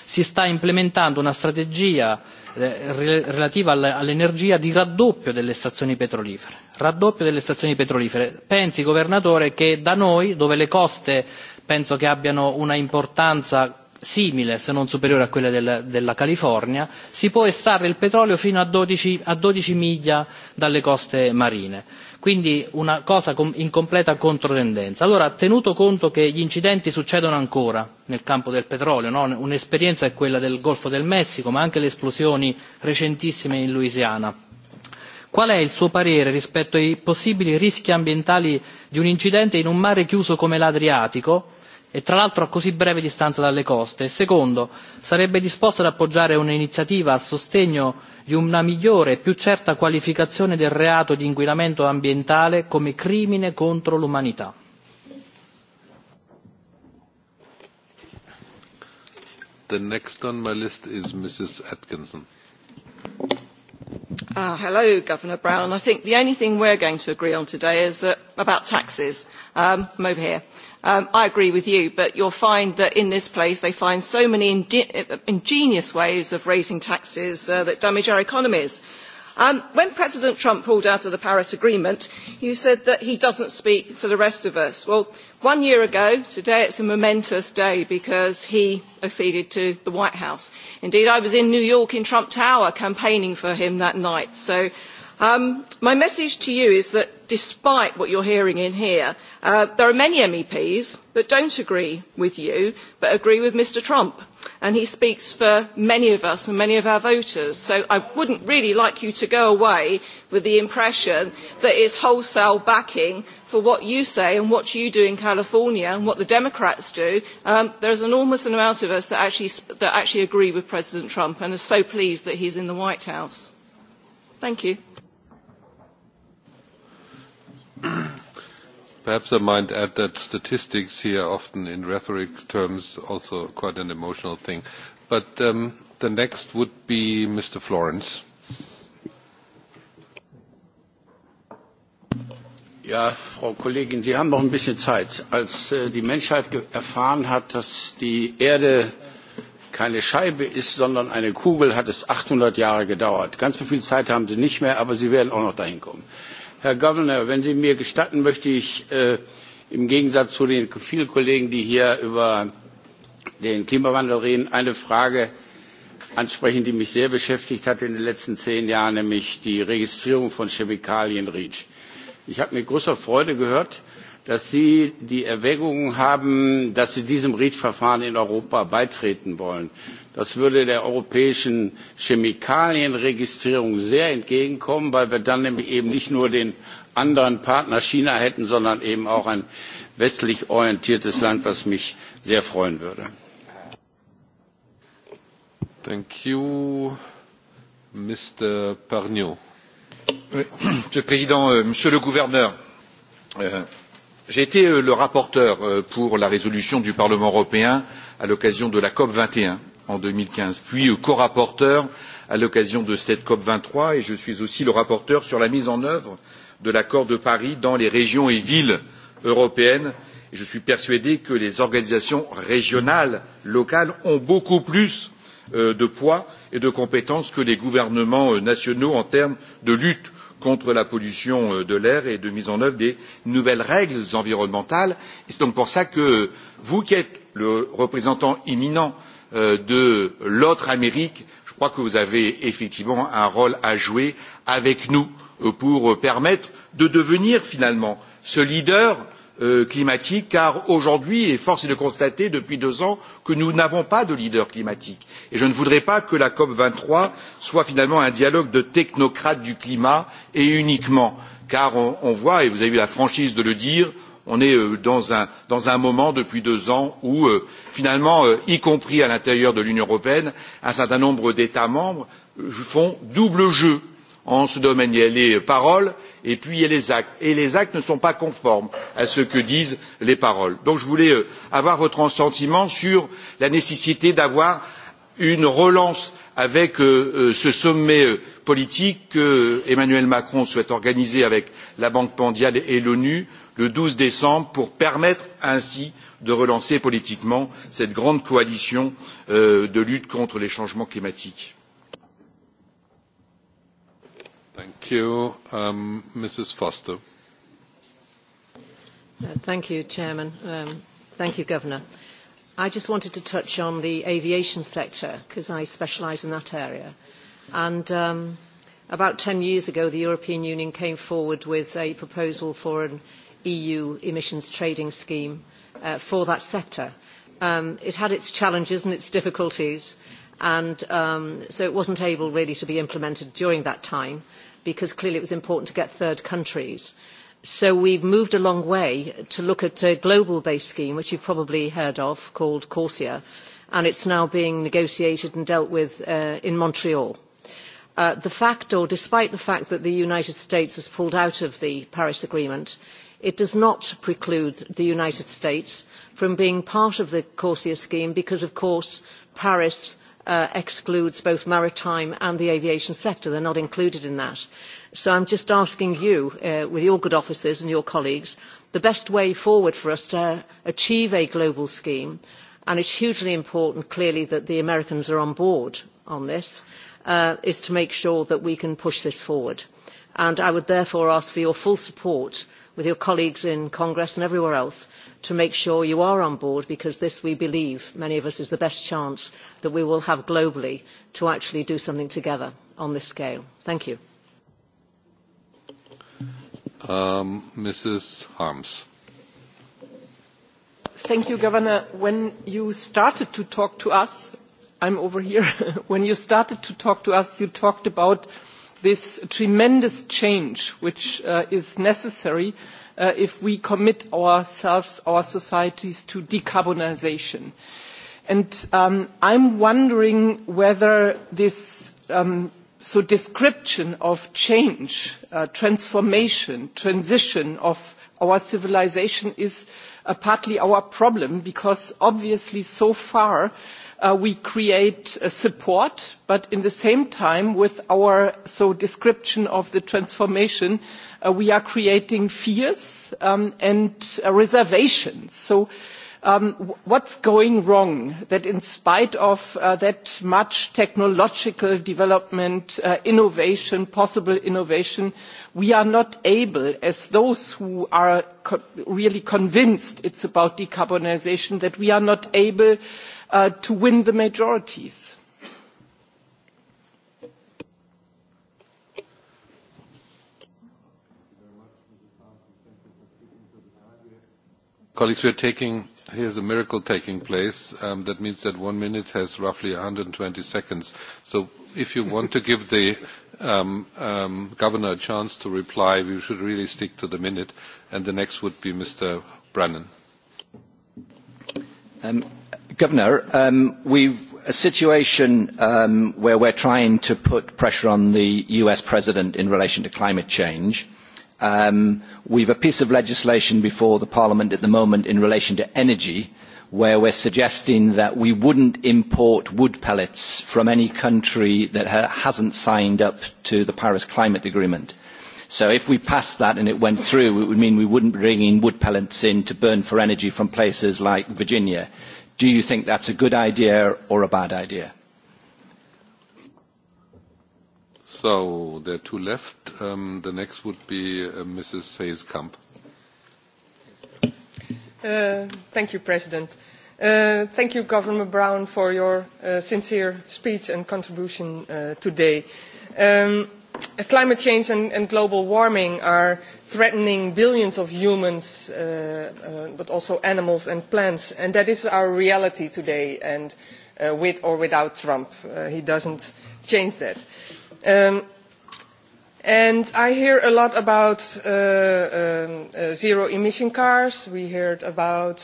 si sta implementando una strategia relativa all'energia di raddoppio delle stazioni petrolifere. Raddoppio delle stazioni petrolifere. Pensi, governatore, che da noi, dove le coste penso che abbiano una importanza simile se non superiore a quella della California, si può estrarre il petrolio fino a dodici miglia dalle coste marine, quindi una cosa in completa controtendenza. Allora, tenuto conto che gli incidenti succedono ancora nel campo del petrolio, un'esperienza è quella del Golfo del Messico, ma anche le esplosioni recentissime in Louisiana, qual è il suo parere rispetto ai possibili rischi ambientali di un incidente in un mare chiuso come l'Adriatico, e tra l'altro a così breve distanza dalle coste e secondo sarebbe disposto ad appoggiare un'iniziativa a sostegno di una migliore e più certa qualificazione del reato di inquinamento ambientale come crimine contro l'umanità. The next on my list is Mrs. Atkinson. Uh, hello, Governor Brown. I think the only thing we're going to agree on today is that, about taxes um, from over here. I agree with you, but you will find that in this place they find so many ingenious ways of raising taxes that damage our economies. when President Trump pulled out of the Paris Agreement, you said that he does not speak for the rest of us. Well, one year ago, today it is a momentous day because he acceded to the White House. Indeed, I was in New York in Trump Tower campaigning for him that night. So my message to you is that despite what you are hearing in here there are many meps that do not agree with you but agree with mr trump and he speaks for many of us and many of our voters so i would not really like you to go away with the impression that it is wholesale backing for what you say and what you do in california and what the democrats do. there is an enormous amount of us that actually agree with president trump and are so pleased that he is in the white house. thank you. Perhaps I might add that statistics here, often in rhetoric terms, also quite an emotional thing. But um, the next would be Mr. Florence. Ja, Frau Kollegin, Sie haben noch ein bisschen Zeit. Als die Menschheit erfahren hat, dass die Erde keine Scheibe ist, sondern eine Kugel, hat es 800 Jahre gedauert. Ganz so viel Zeit haben Sie nicht mehr, aber Sie werden auch noch dahin kommen herr governor wenn sie mir gestatten möchte ich im gegensatz zu den vielen kollegen die hier über den klimawandel reden eine frage ansprechen die mich sehr beschäftigt hat in den letzten zehn jahren nämlich die registrierung von chemikalien reach. ich habe mit großer freude gehört dass sie die erwägungen haben dass sie diesem reach verfahren in europa beitreten wollen. Das würde der europäischen Chemikalienregistrierung sehr entgegenkommen, weil wir dann nämlich eben nicht nur den anderen Partner China hätten, sondern eben auch ein westlich orientiertes Land, was mich sehr freuen würde. Monsieur le Président, Monsieur le Gouverneur, j'ai été le rapporteur pour la résolution du Parlement européen à l'occasion de la COP vingt et un en deux mille quinze puis corapporteur à l'occasion de cette cop vingt trois et je suis aussi le rapporteur sur la mise en œuvre de l'accord de paris dans les régions et villes européennes et je suis persuadé que les organisations régionales locales ont beaucoup plus de poids et de compétences que les gouvernements nationaux en termes de lutte contre la pollution de l'air et de mise en œuvre des nouvelles règles environnementales. c'est donc pour cela que vous qui êtes le représentant éminent de l'autre Amérique, je crois que vous avez effectivement un rôle à jouer avec nous pour permettre de devenir finalement ce leader climatique car aujourd'hui et force est de constater depuis deux ans que nous n'avons pas de leader climatique et je ne voudrais pas que la cop vingt trois soit finalement un dialogue de technocrates du climat et uniquement car on voit et vous avez eu la franchise de le dire on est dans un, moment depuis deux ans où, finalement, y compris à l'intérieur de l'Union européenne, un certain nombre d'États membres font double jeu en ce domaine. Il y a les paroles et puis il y a les actes. Et les actes ne sont pas conformes à ce que disent les paroles. Donc je voulais avoir votre sentiment sur la nécessité d'avoir une relance avec ce sommet politique que Emmanuel Macron souhaite organiser avec la Banque mondiale et l'ONU le douze décembre pour permettre ainsi de relancer politiquement cette grande coalition de lutte contre les changements climatiques. I just wanted to touch on the aviation sector because I specialise in that area. And um, about 10 years ago, the European Union came forward with a proposal for an EU emissions trading scheme for that sector. it had its challenges and its difficulties, and so it was not able really to be implemented during that time because clearly it was important to get third countries. So we have moved a long way to look at a global-based scheme, which you have probably heard of, called Corsia, and it is now being negotiated and dealt with in Montreal. the fact, or despite the fact that the United States has pulled out of the Paris Agreement, It does not preclude the United States from being part of the CORSIA scheme because, of course, Paris excludes both maritime and the aviation sector. They are not included in that. So I am just asking you, with your good offices and your colleagues, the best way forward for us to achieve a global scheme, and it is hugely important, clearly, that the Americans are on board on this, is to make sure that we can push this forward. I would therefore ask for your full support with your colleagues in Congress and everywhere else to make sure you are on board because this, we believe, many of us, is the best chance that we will have globally to actually do something together on this scale. Thank you. Mrs. Harms. Thank you, Governor. When you started to talk to us, I'm over here. when you started to talk to us, you talked about this tremendous change which is necessary if we commit ourselves, our societies, to decarbonisation. And I'm wondering whether this so description of change, transformation, transition of our civilisation is partly our problem because obviously so far uh, we create support but at the same time with our description of the transformation we are creating fears and reservations. so what is going wrong that in spite of that much technological development innovation possible innovation we are not able as those who are really convinced it is about decarbonisation that we are not able to win the majorities. Colleagues, we are taking, here's a miracle taking place. Um, that means that one minute has roughly 120 seconds. So if you want to give the um, um, governor a chance to reply, we should really stick to the minute. And the next would be Mr. Brennan. Um, Governor, um, we've a situation um, where we're trying to put pressure on the US president in relation to climate change. Um, we've a piece of legislation before the Parliament at the moment in relation to energy, where we're suggesting that we wouldn't import wood pellets from any country that ha hasn't signed up to the Paris Climate Agreement. So if we passed that and it went through, it would mean we wouldn't bring in wood pellets in to burn for energy from places like Virginia do you think that's a good idea or a bad idea? So there are two left. Um, the next would be uh, Mrs. Hayes-Kamp. Uh, thank you, President. Uh, thank you, Governor Brown, for your uh, sincere speech and contribution uh, today. Um, climate change and, and global warming are threatening billions of humans, but also animals and plants. And that is our reality today, and with or without Trump. he doesn't change that. and I hear a lot about zero emission cars, we heard about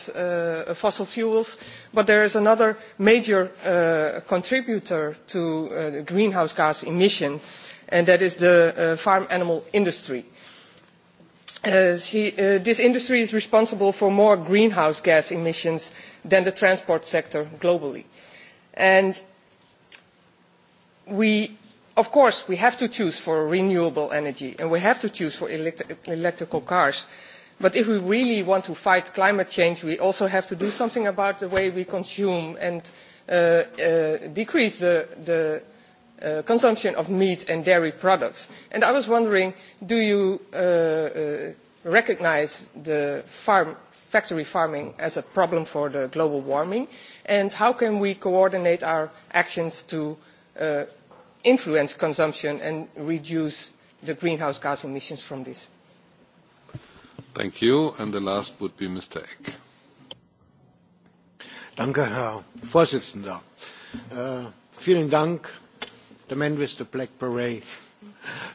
fossil fuels, but there is another major contributor to greenhouse gas emission, and that is the farm animal industry. this industry is responsible for more greenhouse gas emissions than the transport sector globally. And we, of course, we have to choose for renewable energy and we have to choose for electrical cars. But if we really want to fight climate change, we also have to do something about the way we consume and decrease the, consumption of meat and dairy products. And I was wondering, do you uh, recognise the farm, factory farming as a problem for the global warming? And how can we coordinate our actions to influence consumption and reduce the greenhouse gas emissions from this? Thank you. And the last would be Mr. Eck. Danke, Herr Vorsitzender. vielen Dank The man with the black parade.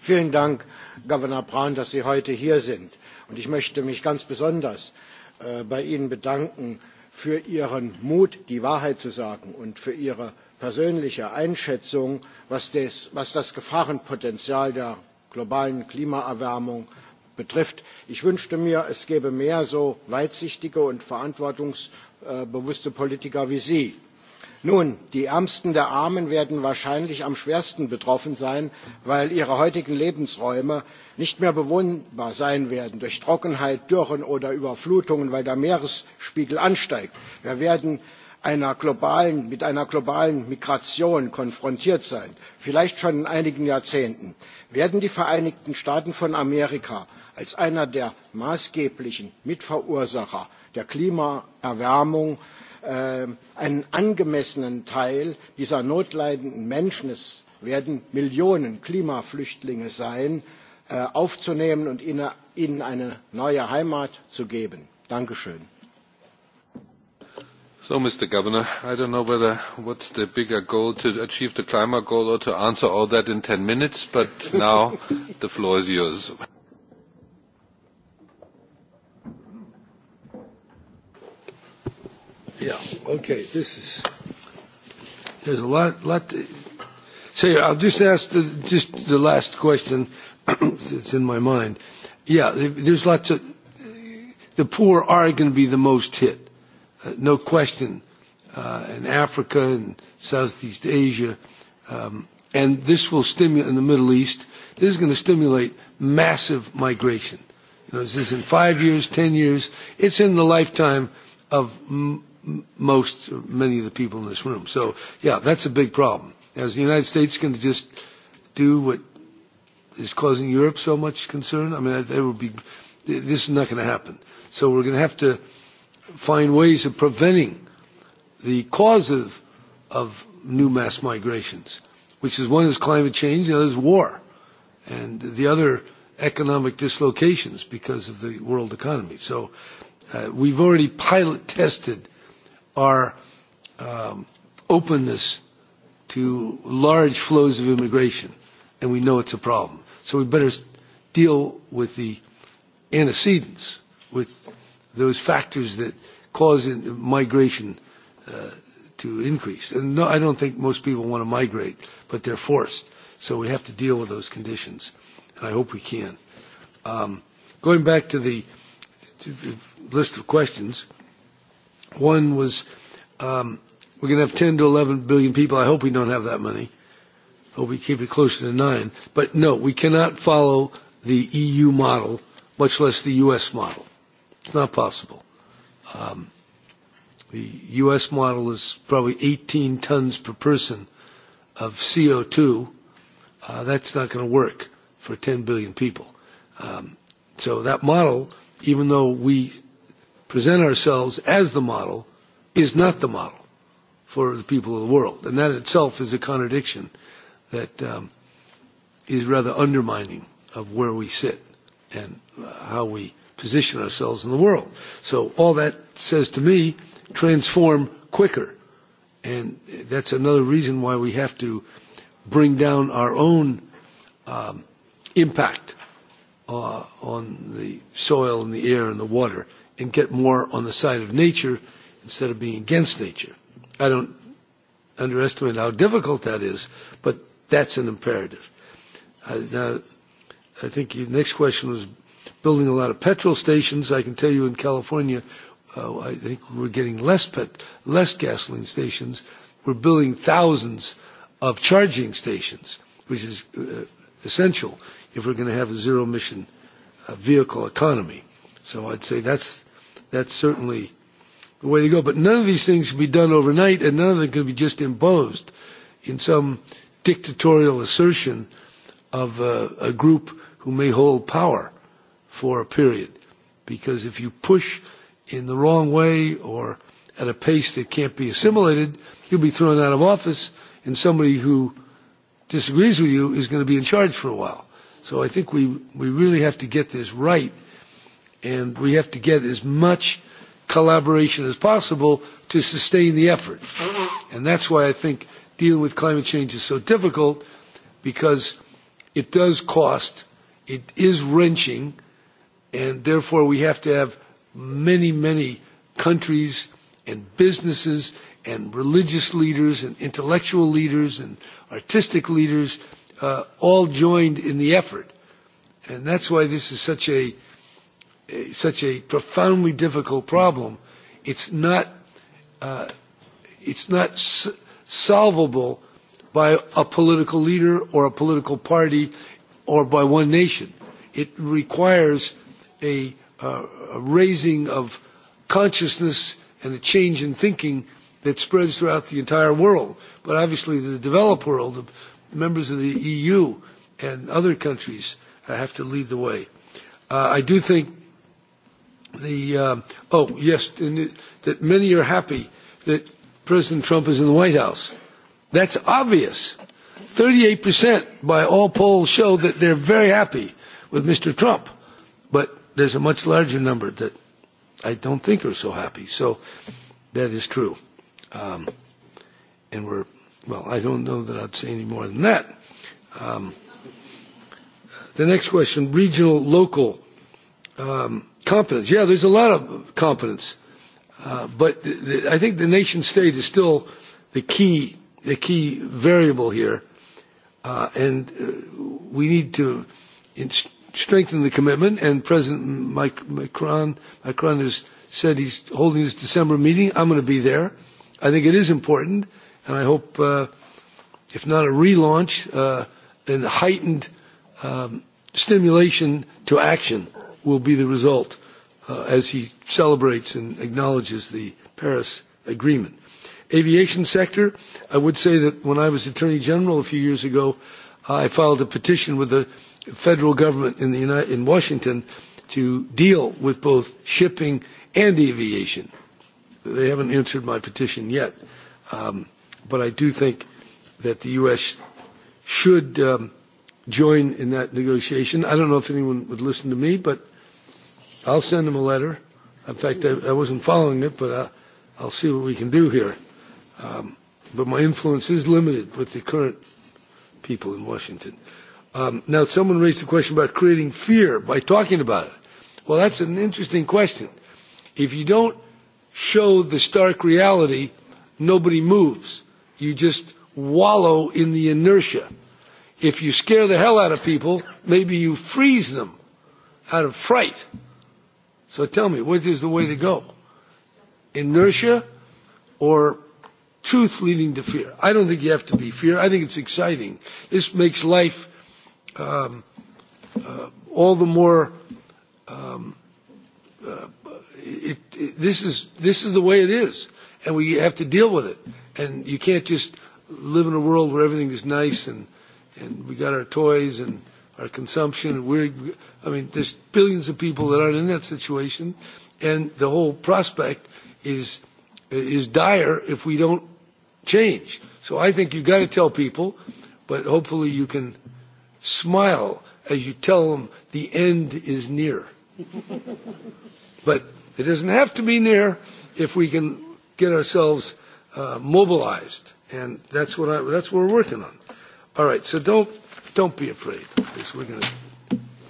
Vielen Dank, Governor Brown, dass Sie heute hier sind. Und ich möchte mich ganz besonders bei Ihnen bedanken für Ihren Mut, die Wahrheit zu sagen und für Ihre persönliche Einschätzung, was das, Gefahrenpotenzial der globalen Klimaerwärmung betrifft. Ich wünschte mir, es gäbe mehr so weitsichtige und verantwortungsbewusste Politiker wie Sie nun die ärmsten der armen werden wahrscheinlich am schwersten betroffen sein weil ihre heutigen lebensräume nicht mehr bewohnbar sein werden durch trockenheit dürren oder überflutungen weil der meeresspiegel ansteigt. wir werden mit einer globalen migration konfrontiert sein vielleicht schon in einigen jahrzehnten. werden die vereinigten staaten von amerika als einer der maßgeblichen mitverursacher der klimaerwärmung einen angemessenen Teil dieser notleidenden Menschen, es werden Millionen Klimaflüchtlinge sein, aufzunehmen und ihnen eine neue Heimat zu geben. Dankeschön. So, Mr. Governor, I don't know whether what's the bigger goal to achieve the climate goal or to answer all that in 10 minutes, but now the floor is yours. Yeah. Okay. This is. There's a lot. lot say, I'll just ask the, just the last question that's in my mind. Yeah. There's lots of. The poor are going to be the most hit, uh, no question, uh, in Africa and Southeast Asia, um, and this will stimulate in the Middle East. This is going to stimulate massive migration. You know, is this in five years, ten years? It's in the lifetime of m- most, many of the people in this room. So, yeah, that's a big problem. Is the United States going to just do what is causing Europe so much concern? I mean, there would be, this is not going to happen. So we're going to have to find ways of preventing the cause of, of new mass migrations, which is one is climate change, the other is war, and the other economic dislocations because of the world economy. So uh, we've already pilot tested – our um, openness to large flows of immigration, and we know it's a problem. So we better deal with the antecedents, with those factors that cause migration uh, to increase. And no, I don't think most people want to migrate, but they're forced. So we have to deal with those conditions, and I hope we can. Um, going back to the, to the list of questions, One was um, we're going to have 10 to 11 billion people. I hope we don't have that many. Hope we keep it closer to nine. But no, we cannot follow the EU model, much less the U.S. model. It's not possible. Um, the U.S. model is probably 18 tons per person of CO2. Uh, that's not going to work for 10 billion people. Um, so that model, even though we present ourselves as the model is not the model for the people of the world. And that itself is a contradiction that um, is rather undermining of where we sit and uh, how we position ourselves in the world. So all that says to me, transform quicker. And that's another reason why we have to bring down our own um, impact uh, on the soil and the air and the water and get more on the side of nature instead of being against nature. I don't underestimate how difficult that is, but that's an imperative. I, now, I think your next question was building a lot of petrol stations. I can tell you in California, uh, I think we're getting less pet, less gasoline stations. We're building thousands of charging stations, which is uh, essential if we're going to have a zero emission uh, vehicle economy. So I'd say that's That's certainly the way to go. But none of these things can be done overnight, and none of them can be just imposed in some dictatorial assertion of a, a group who may hold power for a period. Because if you push in the wrong way or at a pace that can't be assimilated, you'll be thrown out of office, and somebody who disagrees with you is going to be in charge for a while. So I think we, we really have to get this right And we have to get as much collaboration as possible to sustain the effort. And that's why I think dealing with climate change is so difficult because it does cost, it is wrenching, and therefore we have to have many, many countries and businesses and religious leaders and intellectual leaders and artistic leaders uh, all joined in the effort. And that's why this is such a such a profoundly difficult problem, it's not uh, it's not s- solvable by a political leader or a political party or by one nation. It requires a, uh, a raising of consciousness and a change in thinking that spreads throughout the entire world. But obviously, the developed world, the members of the EU and other countries have to lead the way. Uh, I do think the uh, oh yes, and that many are happy that President Trump is in the White House. That's obvious. Thirty eight percent by all polls show that they're very happy with Mr. Trump, but there's a much larger number that I don't think are so happy. So that is true, um, and we're well. I don't know that I'd say any more than that. Um, the next question: regional, local. Um, Competence. Yeah, there's a lot of competence. Uh, but th- th- I think the nation state is still the key, the key variable here. Uh, and uh, we need to in strengthen the commitment. And President Mike, Macron, Macron has said he's holding his December meeting. I'm going to be there. I think it is important. And I hope, uh, if not a relaunch, uh, and heightened um, stimulation to action will be the result as he celebrates and acknowledges the Paris Agreement. Aviation sector, I would say that when I was Attorney General a few years ago, I filed a petition with the federal government in, the United, in Washington to deal with both shipping and aviation. They haven't answered my petition yet, um, but I do think that the U.S. should um, – join in that negotiation. I don't know if anyone would listen to me, but I'll send them a letter. In fact, I, I wasn't following it, but I, I'll see what we can do here. Um, but my influence is limited with the current people in Washington. Um, now, someone raised the question about creating fear by talking about it. Well, that's an interesting question. If you don't show the stark reality, nobody moves. You just wallow in the inertia If you scare the hell out of people, maybe you freeze them out of fright. So tell me, what is the way to go? Inertia or truth leading to fear? I don't think you have to be fear. I think it's exciting. This makes life um, uh, all the more. Um, uh, it, it, this is this is the way it is, and we have to deal with it. And you can't just live in a world where everything is nice and and we got our toys and our consumption. We're, I mean, there's billions of people that aren't in that situation, and the whole prospect is is dire if we don't change. So I think you've got to tell people, but hopefully you can smile as you tell them the end is near. but it doesn't have to be near if we can get ourselves uh, mobilized, and that's what I, that's what we're working on. All right, so don't, don't be afraid, because we're going to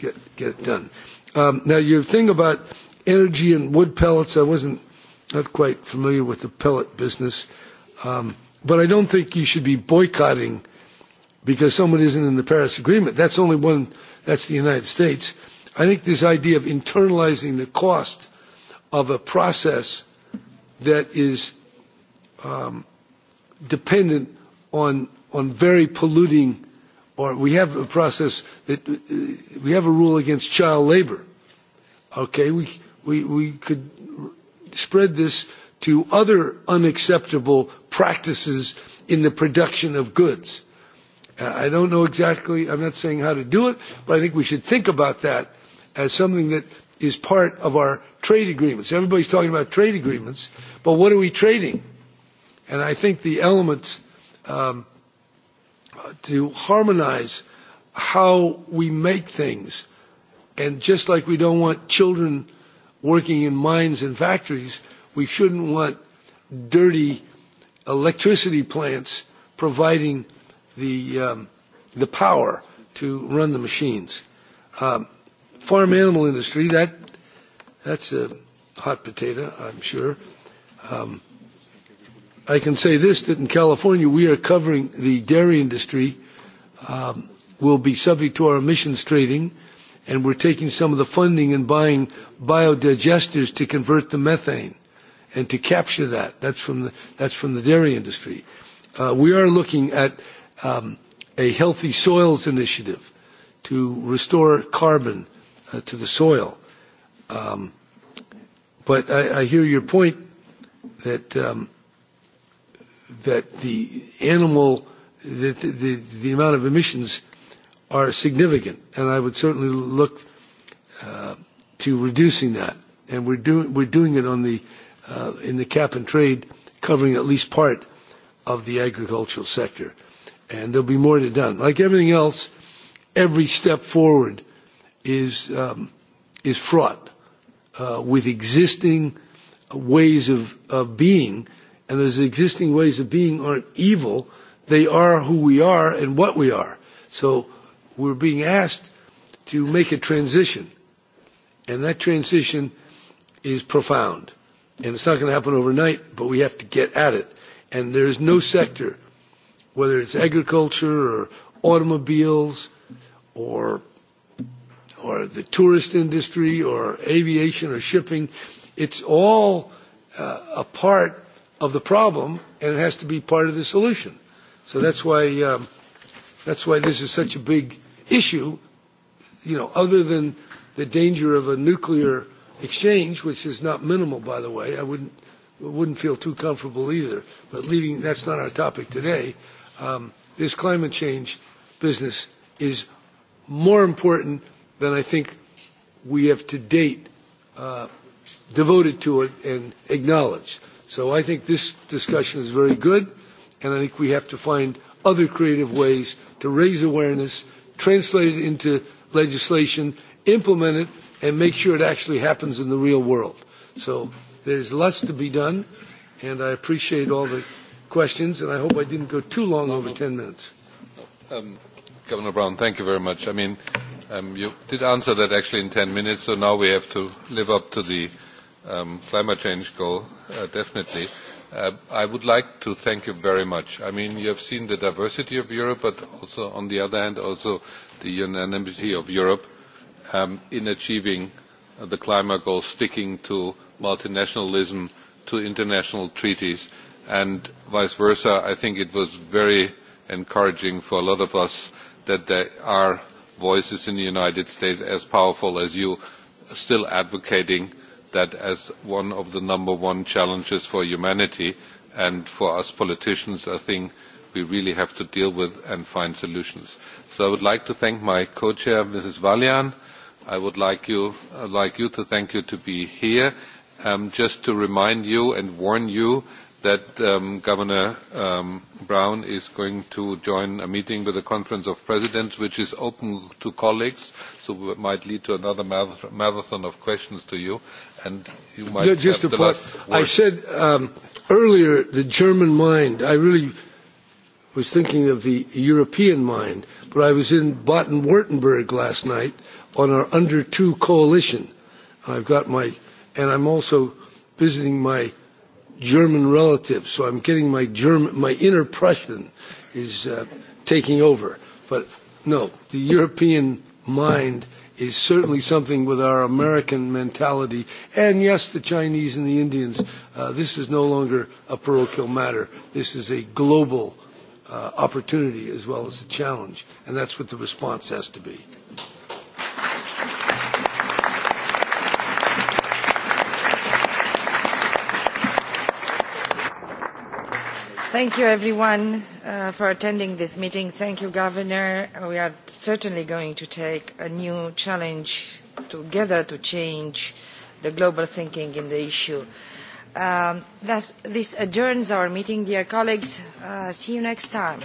get, get it done. Um, now, your thing about energy and wood pellets, I wasn't not quite familiar with the pellet business, um, but I don't think you should be boycotting because someone isn't in the Paris Agreement. That's only one, that's the United States. I think this idea of internalizing the cost of a process that is um, dependent on on very polluting, or we have a process that we have a rule against child labor. Okay, we, we, we could spread this to other unacceptable practices in the production of goods. I don't know exactly, I'm not saying how to do it, but I think we should think about that as something that is part of our trade agreements. Everybody's talking about trade agreements, but what are we trading? And I think the elements um, to harmonize how we make things. And just like we don't want children working in mines and factories, we shouldn't want dirty electricity plants providing the, um, the power to run the machines. Um, farm animal industry, that, that's a hot potato, I'm sure. Um, I can say this, that in California we are covering the dairy industry um, will be subject to our emissions trading, and we're taking some of the funding and buying biodigesters to convert the methane and to capture that. That's from the, that's from the dairy industry. Uh, we are looking at um, a healthy soils initiative to restore carbon uh, to the soil. Um, but I, I hear your point that um, – that the animal, the, the, the amount of emissions are significant, and I would certainly look uh, to reducing that. And we're doing we're doing it on the uh, in the cap and trade, covering at least part of the agricultural sector, and there'll be more to done. Like everything else, every step forward is um, is fraught uh, with existing ways of, of being and those existing ways of being aren't evil. They are who we are and what we are. So we're being asked to make a transition. And that transition is profound. And it's not going to happen overnight, but we have to get at it. And there is no sector, whether it's agriculture or automobiles or or the tourist industry or aviation or shipping, it's all uh, a part of the problem, and it has to be part of the solution. So that's why um, that's why this is such a big issue. You know, other than the danger of a nuclear exchange, which is not minimal, by the way, I wouldn't wouldn't feel too comfortable either. But leaving that's not our topic today. Um, this climate change business is more important than I think we have to date uh, devoted to it and acknowledged. So I think this discussion is very good, and I think we have to find other creative ways to raise awareness, translate it into legislation, implement it, and make sure it actually happens in the real world. So there's lots to be done, and I appreciate all the questions, and I hope I didn't go too long over 10 minutes. Governor Brown, thank you very much. I mean, you did answer that actually in 10 minutes, so now we have to live up to the um, climate change goal, uh, definitely. Uh, I would like to thank you very much. I mean, you have seen the diversity of Europe, but also, on the other hand, also the unanimity of Europe um, in achieving the climate goal, sticking to multinationalism, to international treaties, and vice versa. I think it was very encouraging for a lot of us that there are voices in the United States as powerful as you still advocating that as one of the number one challenges for humanity and for us politicians, I think we really have to deal with and find solutions. So I would like to thank my co-chair, Mrs. Valian. I would like you, like you to thank you to be here. Um, just to remind you and warn you that um, Governor um, Brown is going to join a meeting with the Conference of Presidents, which is open to colleagues, so it might lead to another marathon of questions to you, and you might Just have the last word. I said um, earlier the German mind. I really was thinking of the European mind, but I was in Baden-Württemberg last night on our under two coalition. I've got my, and I'm also visiting my German relative, so I'm getting my German, my inner Prussian is uh, taking over. But no, the European mind is certainly something with our American mentality. And yes, the Chinese and the Indians, uh, this is no longer a parochial matter. This is a global uh, opportunity as well as a challenge. And that's what the response has to be. Thank you everyone uh, for attending this meeting. Thank you, Governor. We are certainly going to take a new challenge together to change the global thinking in the issue. Um, thus, this adjourns our meeting, dear colleagues. Uh, see you next time.